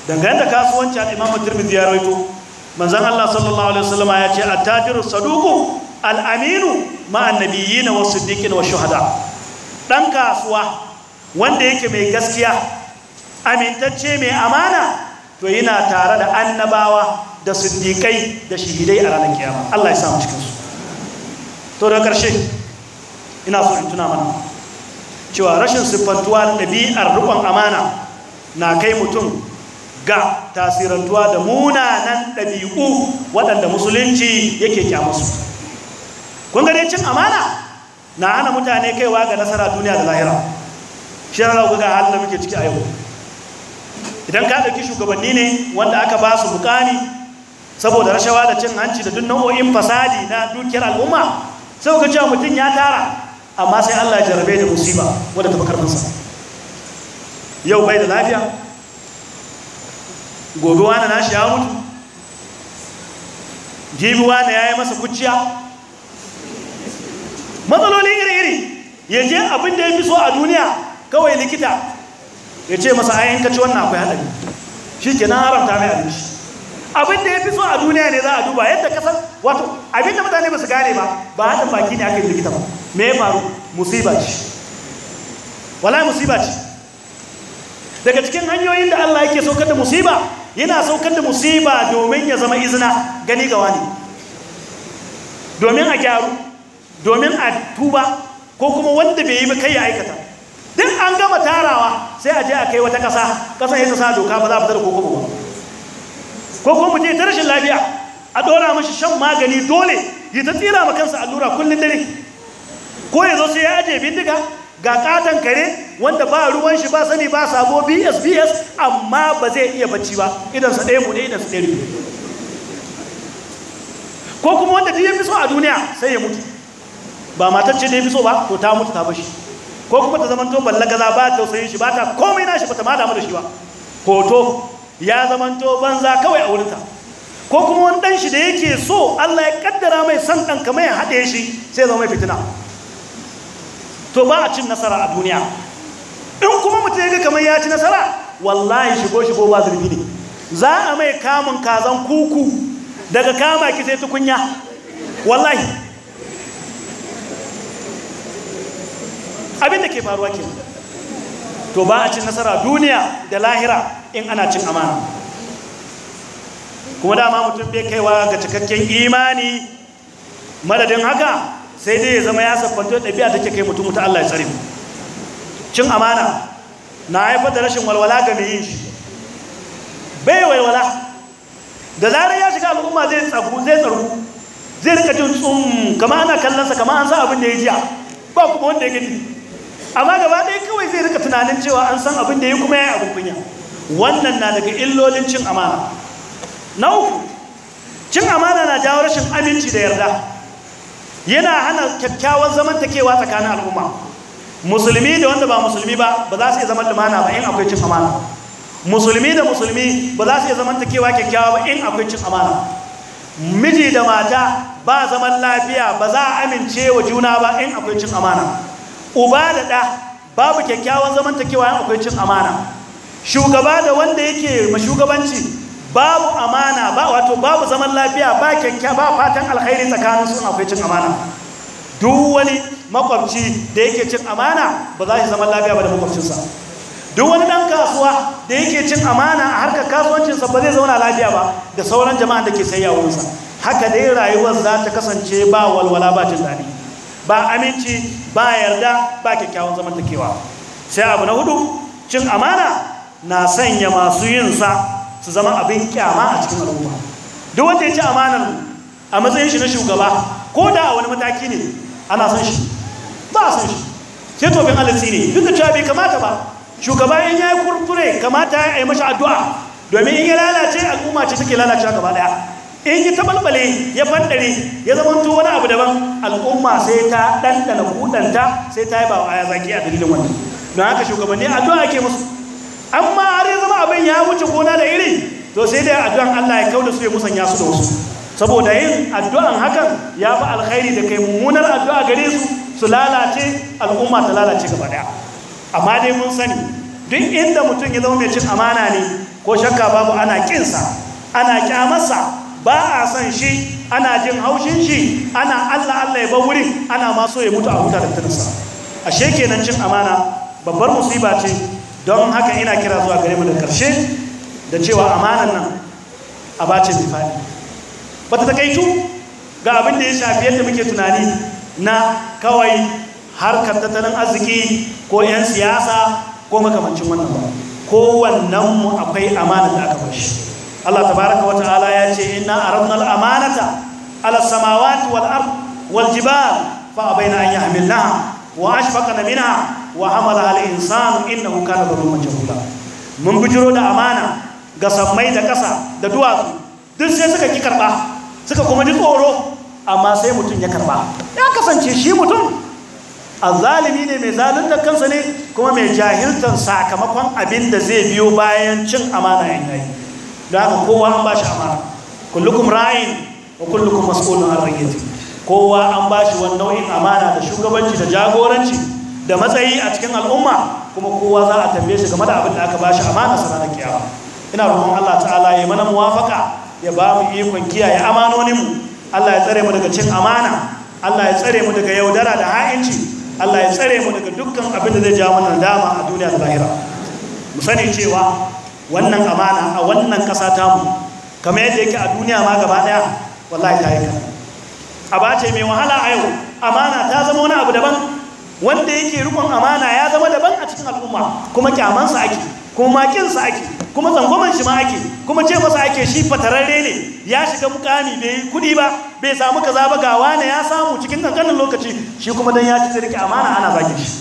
dangane da kasuwanci al'imamu turmidi ya rawaito manzan allah sallallahu alaihi wasallama ya ce attajiru saduku al'aminu ma'an nabiyyi na wasu dikin Wasu shuhada ɗan kasuwa wanda yake mai gaskiya amintacce mai amana to yana tare da annabawa da siddiƙai da shahidai a ranar kiyama Allah ya samu cikinsu to da ƙarshe ina so in tuna mana cewa rashin siffantuwa ɗabi'ar rukun amana na kai mutum ga tasirantuwa da munanan ɗabi'u waɗanda musulunci yake kyamusu kun gane cin amana na hana mutane kaiwa ga nasara duniya da lahira shi yana ga halin da muke ciki a yau idan ka ɗauki shugabanni ne wanda aka ba su bukani saboda rashawa da cin hanci da duk nau'o'in fasadi na dukiyar al'umma sai ka cewa mutum ya tara amma sai Allah ya jarabe da musiba wadda ta bakar yau bai da lafiya gobe wani nashi ya mutu jibi wani ya yi masa kuciya matsaloli iri-iri ya je abin da ya fi so a duniya kawai likita ya ce masa ayyankaci wannan akwai haɗari shi ke na haramta mai abinci abin da ya fi so a duniya ne za a duba yadda kasar wato abin da mutane ba su gane ba ba haɗin baki ne aka yi likita ba me ya faru musiba ce wala musiba ce daga cikin hanyoyin da Allah yake saukar da musiba yana saukar da musiba domin ya zama izina gani ga wani domin a gyaru domin a tuba ko kuma wanda bai yi ba kai ya aikata duk an gama tarawa sai a je a kai wata ƙasa ƙasa ya ta sa doka ba za a fitar da kuma. ba ko kuma mutum ta rashin lafiya a ɗora mashi shan magani dole yi ta tsira ma kansa allura kullum dare ko ya zo sai ya ajiye bindiga ga katon kare wanda ba ruwan shi ba sani ba sabo bs bs amma ba zai iya bacci ba idan su ɗaya mu ne su ɗaya ko kuma wanda duk ya fi so a duniya sai ya mutu ba matar ce da ya fi so ba to ta mutu ta bashi ko kuma ta zama to za ba ta tausayin shi ba ta komai na shi ba ta ma damu da shi ba hoto ya zamanto banza kawai a wurinta ko kuma wani ɗan shi da yake so Allah ya kaddara mai san ɗan kamar ya haɗe shi sai zama fitina to ba a cin nasara a duniya in kuma mutum ya ga kamar ya ci nasara wallahi shigo shigo ba zurfi ne za a mai kamun kazan kuku daga kama ki sai tukunya wallahi abin da ke faruwa ke to ba a cin nasara duniya da lahira in ana cin amana kuma dama mutum bai kaiwa ga cikakken imani madadin haka sai dai ya zama ya da ɗabi'a take kai mutum ta Allah ya tsare mu cin amana na haifar da rashin walwala ga mai yin shi bai walwala da zarar ya shiga al'umma zai tsabu zai tsaru zai rika jin tsum kama ana kallon sa kama an san abin da ya jiya ba kuma wanda ya gani amma gaba ɗaya kawai zai rika tunanin cewa an san abin da ya kuma ya yi abin kunya wannan na daga illolin cin amana na uku cin amana na jawo rashin aminci da yarda yana hana kyakkyawan zamantakewa tsakanin al'umma musulmi da wanda ba musulmi ba ba za su iya zaman lumana ba in akwai cin amana musulmi da musulmi ba za su iya zamantakewa kyakkyawa ba in akwai cin amana miji da mata ba zaman lafiya ba za a amince wa juna ba in akwai cin amana uba da ɗa babu kyakkyawan zamantakewa in akwai cin amana shugaba da wanda yake mashugabanci babu amana ba wato babu zaman lafiya ba kyakkya ba fatan alkhairi tsakanin su akwai cin amana duk wani makwabci da yake cin amana ba za shi zaman lafiya ba da makwabcinsa duk wani dan kasuwa da yake cin amana a harkar kasuwancinsa ba zai zauna lafiya ba da sauran jama'a da ke sayya wurinsa haka dai rayuwar za ta kasance ba walwala ba jin daɗi ba aminci ba yarda ba kyakkyawan zamantakewa sai abu na hudu cin amana na sanya masu yinsa su zama abin kyama a cikin al'umma duk wanda ya ci amanar a matsayin shi na shugaba ko da wani mataki ne ana son shi ba a son shi sai tobin alisi ne duk da cewa bai kamata ba shugaba in ya yi kurkure kamata ya yi mashi addu'a domin in ya lalace al'umma ce take lalacewa gaba daya in yi balbale ya fandare ya zama to wani abu daban al'umma sai ta ɗanɗana kudanta sai ta yi ba a zaki a dalilin wannan don haka shugabanni addu'a ke musu amma har yi zama abin ya wuce gona da iri to sai dai addu'an Allah ya da su ya musanya su da wasu saboda yin addu'an hakan ya fi alkhairi da kai mummunar addu'a gare su su lalace al'umma ta lalace gaba daya amma dai mun sani duk inda mutum ya zama mai cin amana ne ko shakka babu ana ƙinsa, ana ƙyamarsa, ba a son shi ana jin haushin shi ana Allah Allah ya bar wurin ana ma so ya mutu a wuta da tunansa ashe kenan cin amana babbar musiba ce don haka ina kira zuwa gare mu da karshe da cewa amanan nan a bacin faɗi ba ta takaitu ga abin da ya shafi yadda muke tunani na kawai harkar tattalin arziki ko 'yan siyasa ko makamancin wannan ba mu akwai amana da aka bashi Allah tabaraka wata ala ya ce inna aradna al-amanata ala samawati wal ard wal jibal fa abaina an yahmilnaha wa ashfaqna minha wa hamala al insanu innahu kana zaluman jahula mun bujiro da amana ga sammai da ƙasa da duwatsu duk sai suka ki karba suka kuma ji tsoro amma sai mutum ya karba ya kasance shi mutum azzalimi ne mai zaluntar kansa ne kuma mai jahiltar sakamakon abin da zai biyo bayan cin amana yin yayi da haka kowa an bashi amana kullukum ra'in wa kullukum mas'ulun an rayyati kowa an bashi wani nau'in amana da shugabanci da jagoranci da matsayi a cikin al'umma kuma kowa za a tambaye shi game da abin da aka ba shi amana sana na kiyama ina roƙon Allah ta'ala ya mana muwafaka ya ba mu ikon kiyaye amanonin Allah ya tsare mu daga cin amana Allah ya tsare mu daga yaudara da ha'inci Allah ya tsare mu daga dukkan abin da zai ja mana dama a duniya da lahira mu sani cewa wannan amana a wannan ƙasa tamu kamar yadda yake a duniya ma gaba ɗaya wallahi ta yi ka a bace mai wahala a yau amana ta zama wani abu daban wanda yake rikon amana ya zama daban a cikin al'umma kuma kyamansa ake kuma makinsa ake kuma zangwaman shi ma ake kuma ce masa ake shi fatararre ne ya shiga mukami bai kudi ba bai samu kaza ba ga wani ya samu cikin kankanin lokaci shi kuma dan ya ci rike amana ana zagin shi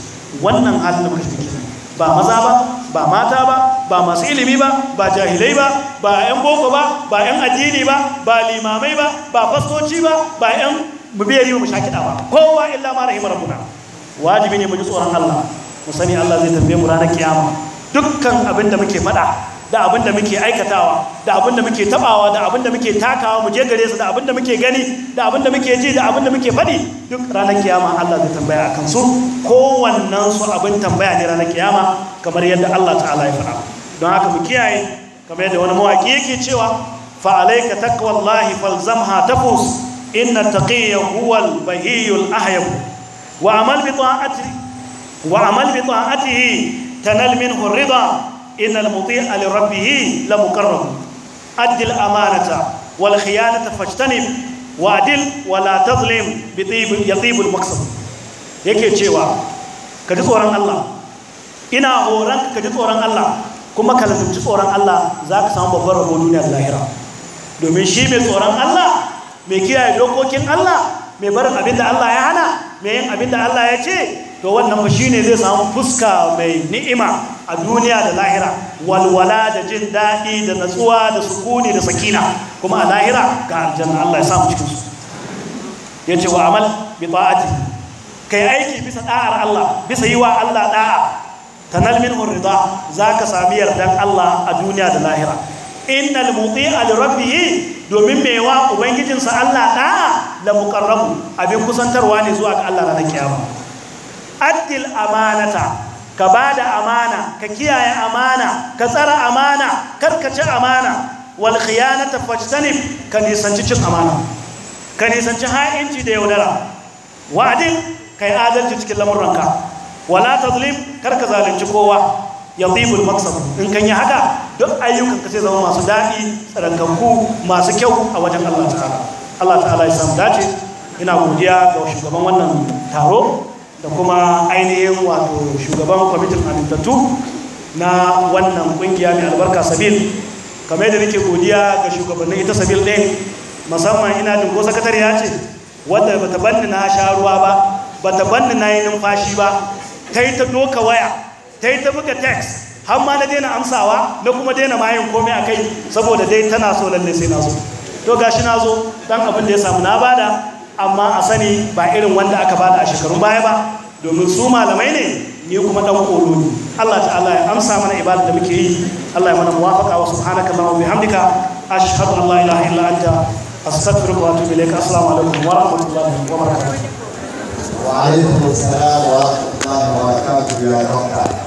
wannan halin da muka shi ba maza ba ba mata ba ba masu ilimi ba ba jahilai ba ba 'yan boko ba ba 'yan addini ba ba limamai ba ba fastoci ba ba 'yan mu biyar yi mu sha kiɗa ba kowa illa ma rahimar rabbuna wajibi ne mu ji tsoron Allah mu sani Allah zai tambaye mu ranar kiyama dukkan abin da muke faɗa da abin da muke aikatawa da abin da muke tabawa da abin da muke takawa mu je gare su da abin da muke gani da abin da muke ji da abin da muke faɗi duk ranar kiyama Allah zai tambaya akan su kowannen su abin tambaya ne ranar kiyama kamar yadda Allah ta'ala ya faɗa don haka mu kiyaye kamar yadda wani mawaƙi yake cewa fa alayka taqwallahi falzamha tafus inna taqiyya huwal bahiyul ahyab Wa amma libi tsoha ati. Wa amma libi tsoha ati. Tanalmin hurrida. Inna lamuƙe la muƙarrabu. Adil amanata. Wala kiyaye na tafashe ta Wa dil wala taslim ya ɗibul cewa. Ka ji tsoron Allah. Ina horan ka ji tsoron Allah. Kuma kala finji tsoron Allah. Za ka samu babban rabonin yaɗa na Domin shi me tsoron Allah. mai kiyaye dokokin Allah. mai barin abin da Allah ya hana mai yin abin da Allah ya ce to wannan ba ne zai samu fuska mai ni'ima a duniya da lahira walwala da jin daɗi da natsuwa da sukuni da sakina kuma a lahira ga aljanna Allah ya samu cikin su ce wa amal bi ta'ati kai aiki bisa da'ar Allah bisa yi wa Allah da'a tanal min za zaka sami yardan Allah a duniya da lahira innal muti'a li rabbihi domin mewa ubangijinsa Allah da la muqarrabu abin kusantarwa ne zuwa ga Allah ranar kiyama addil amanata ka ba da amana ka kiyaye amana ka tsara amana kar ci amana wal khiyanata fajtanib ka nisanci cin amana ka nisanci ha'inci da yaudara wa'adin kai adalci cikin lamuranka wala tazlim kar ka zalunci kowa ya maksab maksar in kan yi haka duk ayyukan ka sai zama masu daɗi tsarankanku masu kyau a wajen Allah ta'ala Allah ta'ala ya samu dace ina godiya ga shugaban wannan taro da kuma ainihin wato shugaban kwamitin amintattu na wannan kungiya mai albarka sabil kamar yadda nake godiya ga shugabannin ita sabil ɗin musamman ina jin ko sakatariya ce wadda bata banni na sha ruwa ba bata banni na yi numfashi ba ta yi ta doka waya ta yi ta buga text har ma na daina amsawa na kuma daina mayan komai a kai saboda dai tana so lalle sai na zo to gashi na zo dan abin da ya samu na bada amma a sani ba irin wanda aka bada a shekarun baya ba domin su malamai ne ni kuma dan koro ne Allah ta'ala ya amsa mana ibada da muke yi Allah ya mana muwafaqa wa subhanaka wa bihamdika ashhadu an la ilaha illa anta astaghfiruka wa atubu ilaik assalamu alaikum wa rahmatullahi wa barakatuh wa alaikum assalam wa rahmatullahi wa barakatuh ya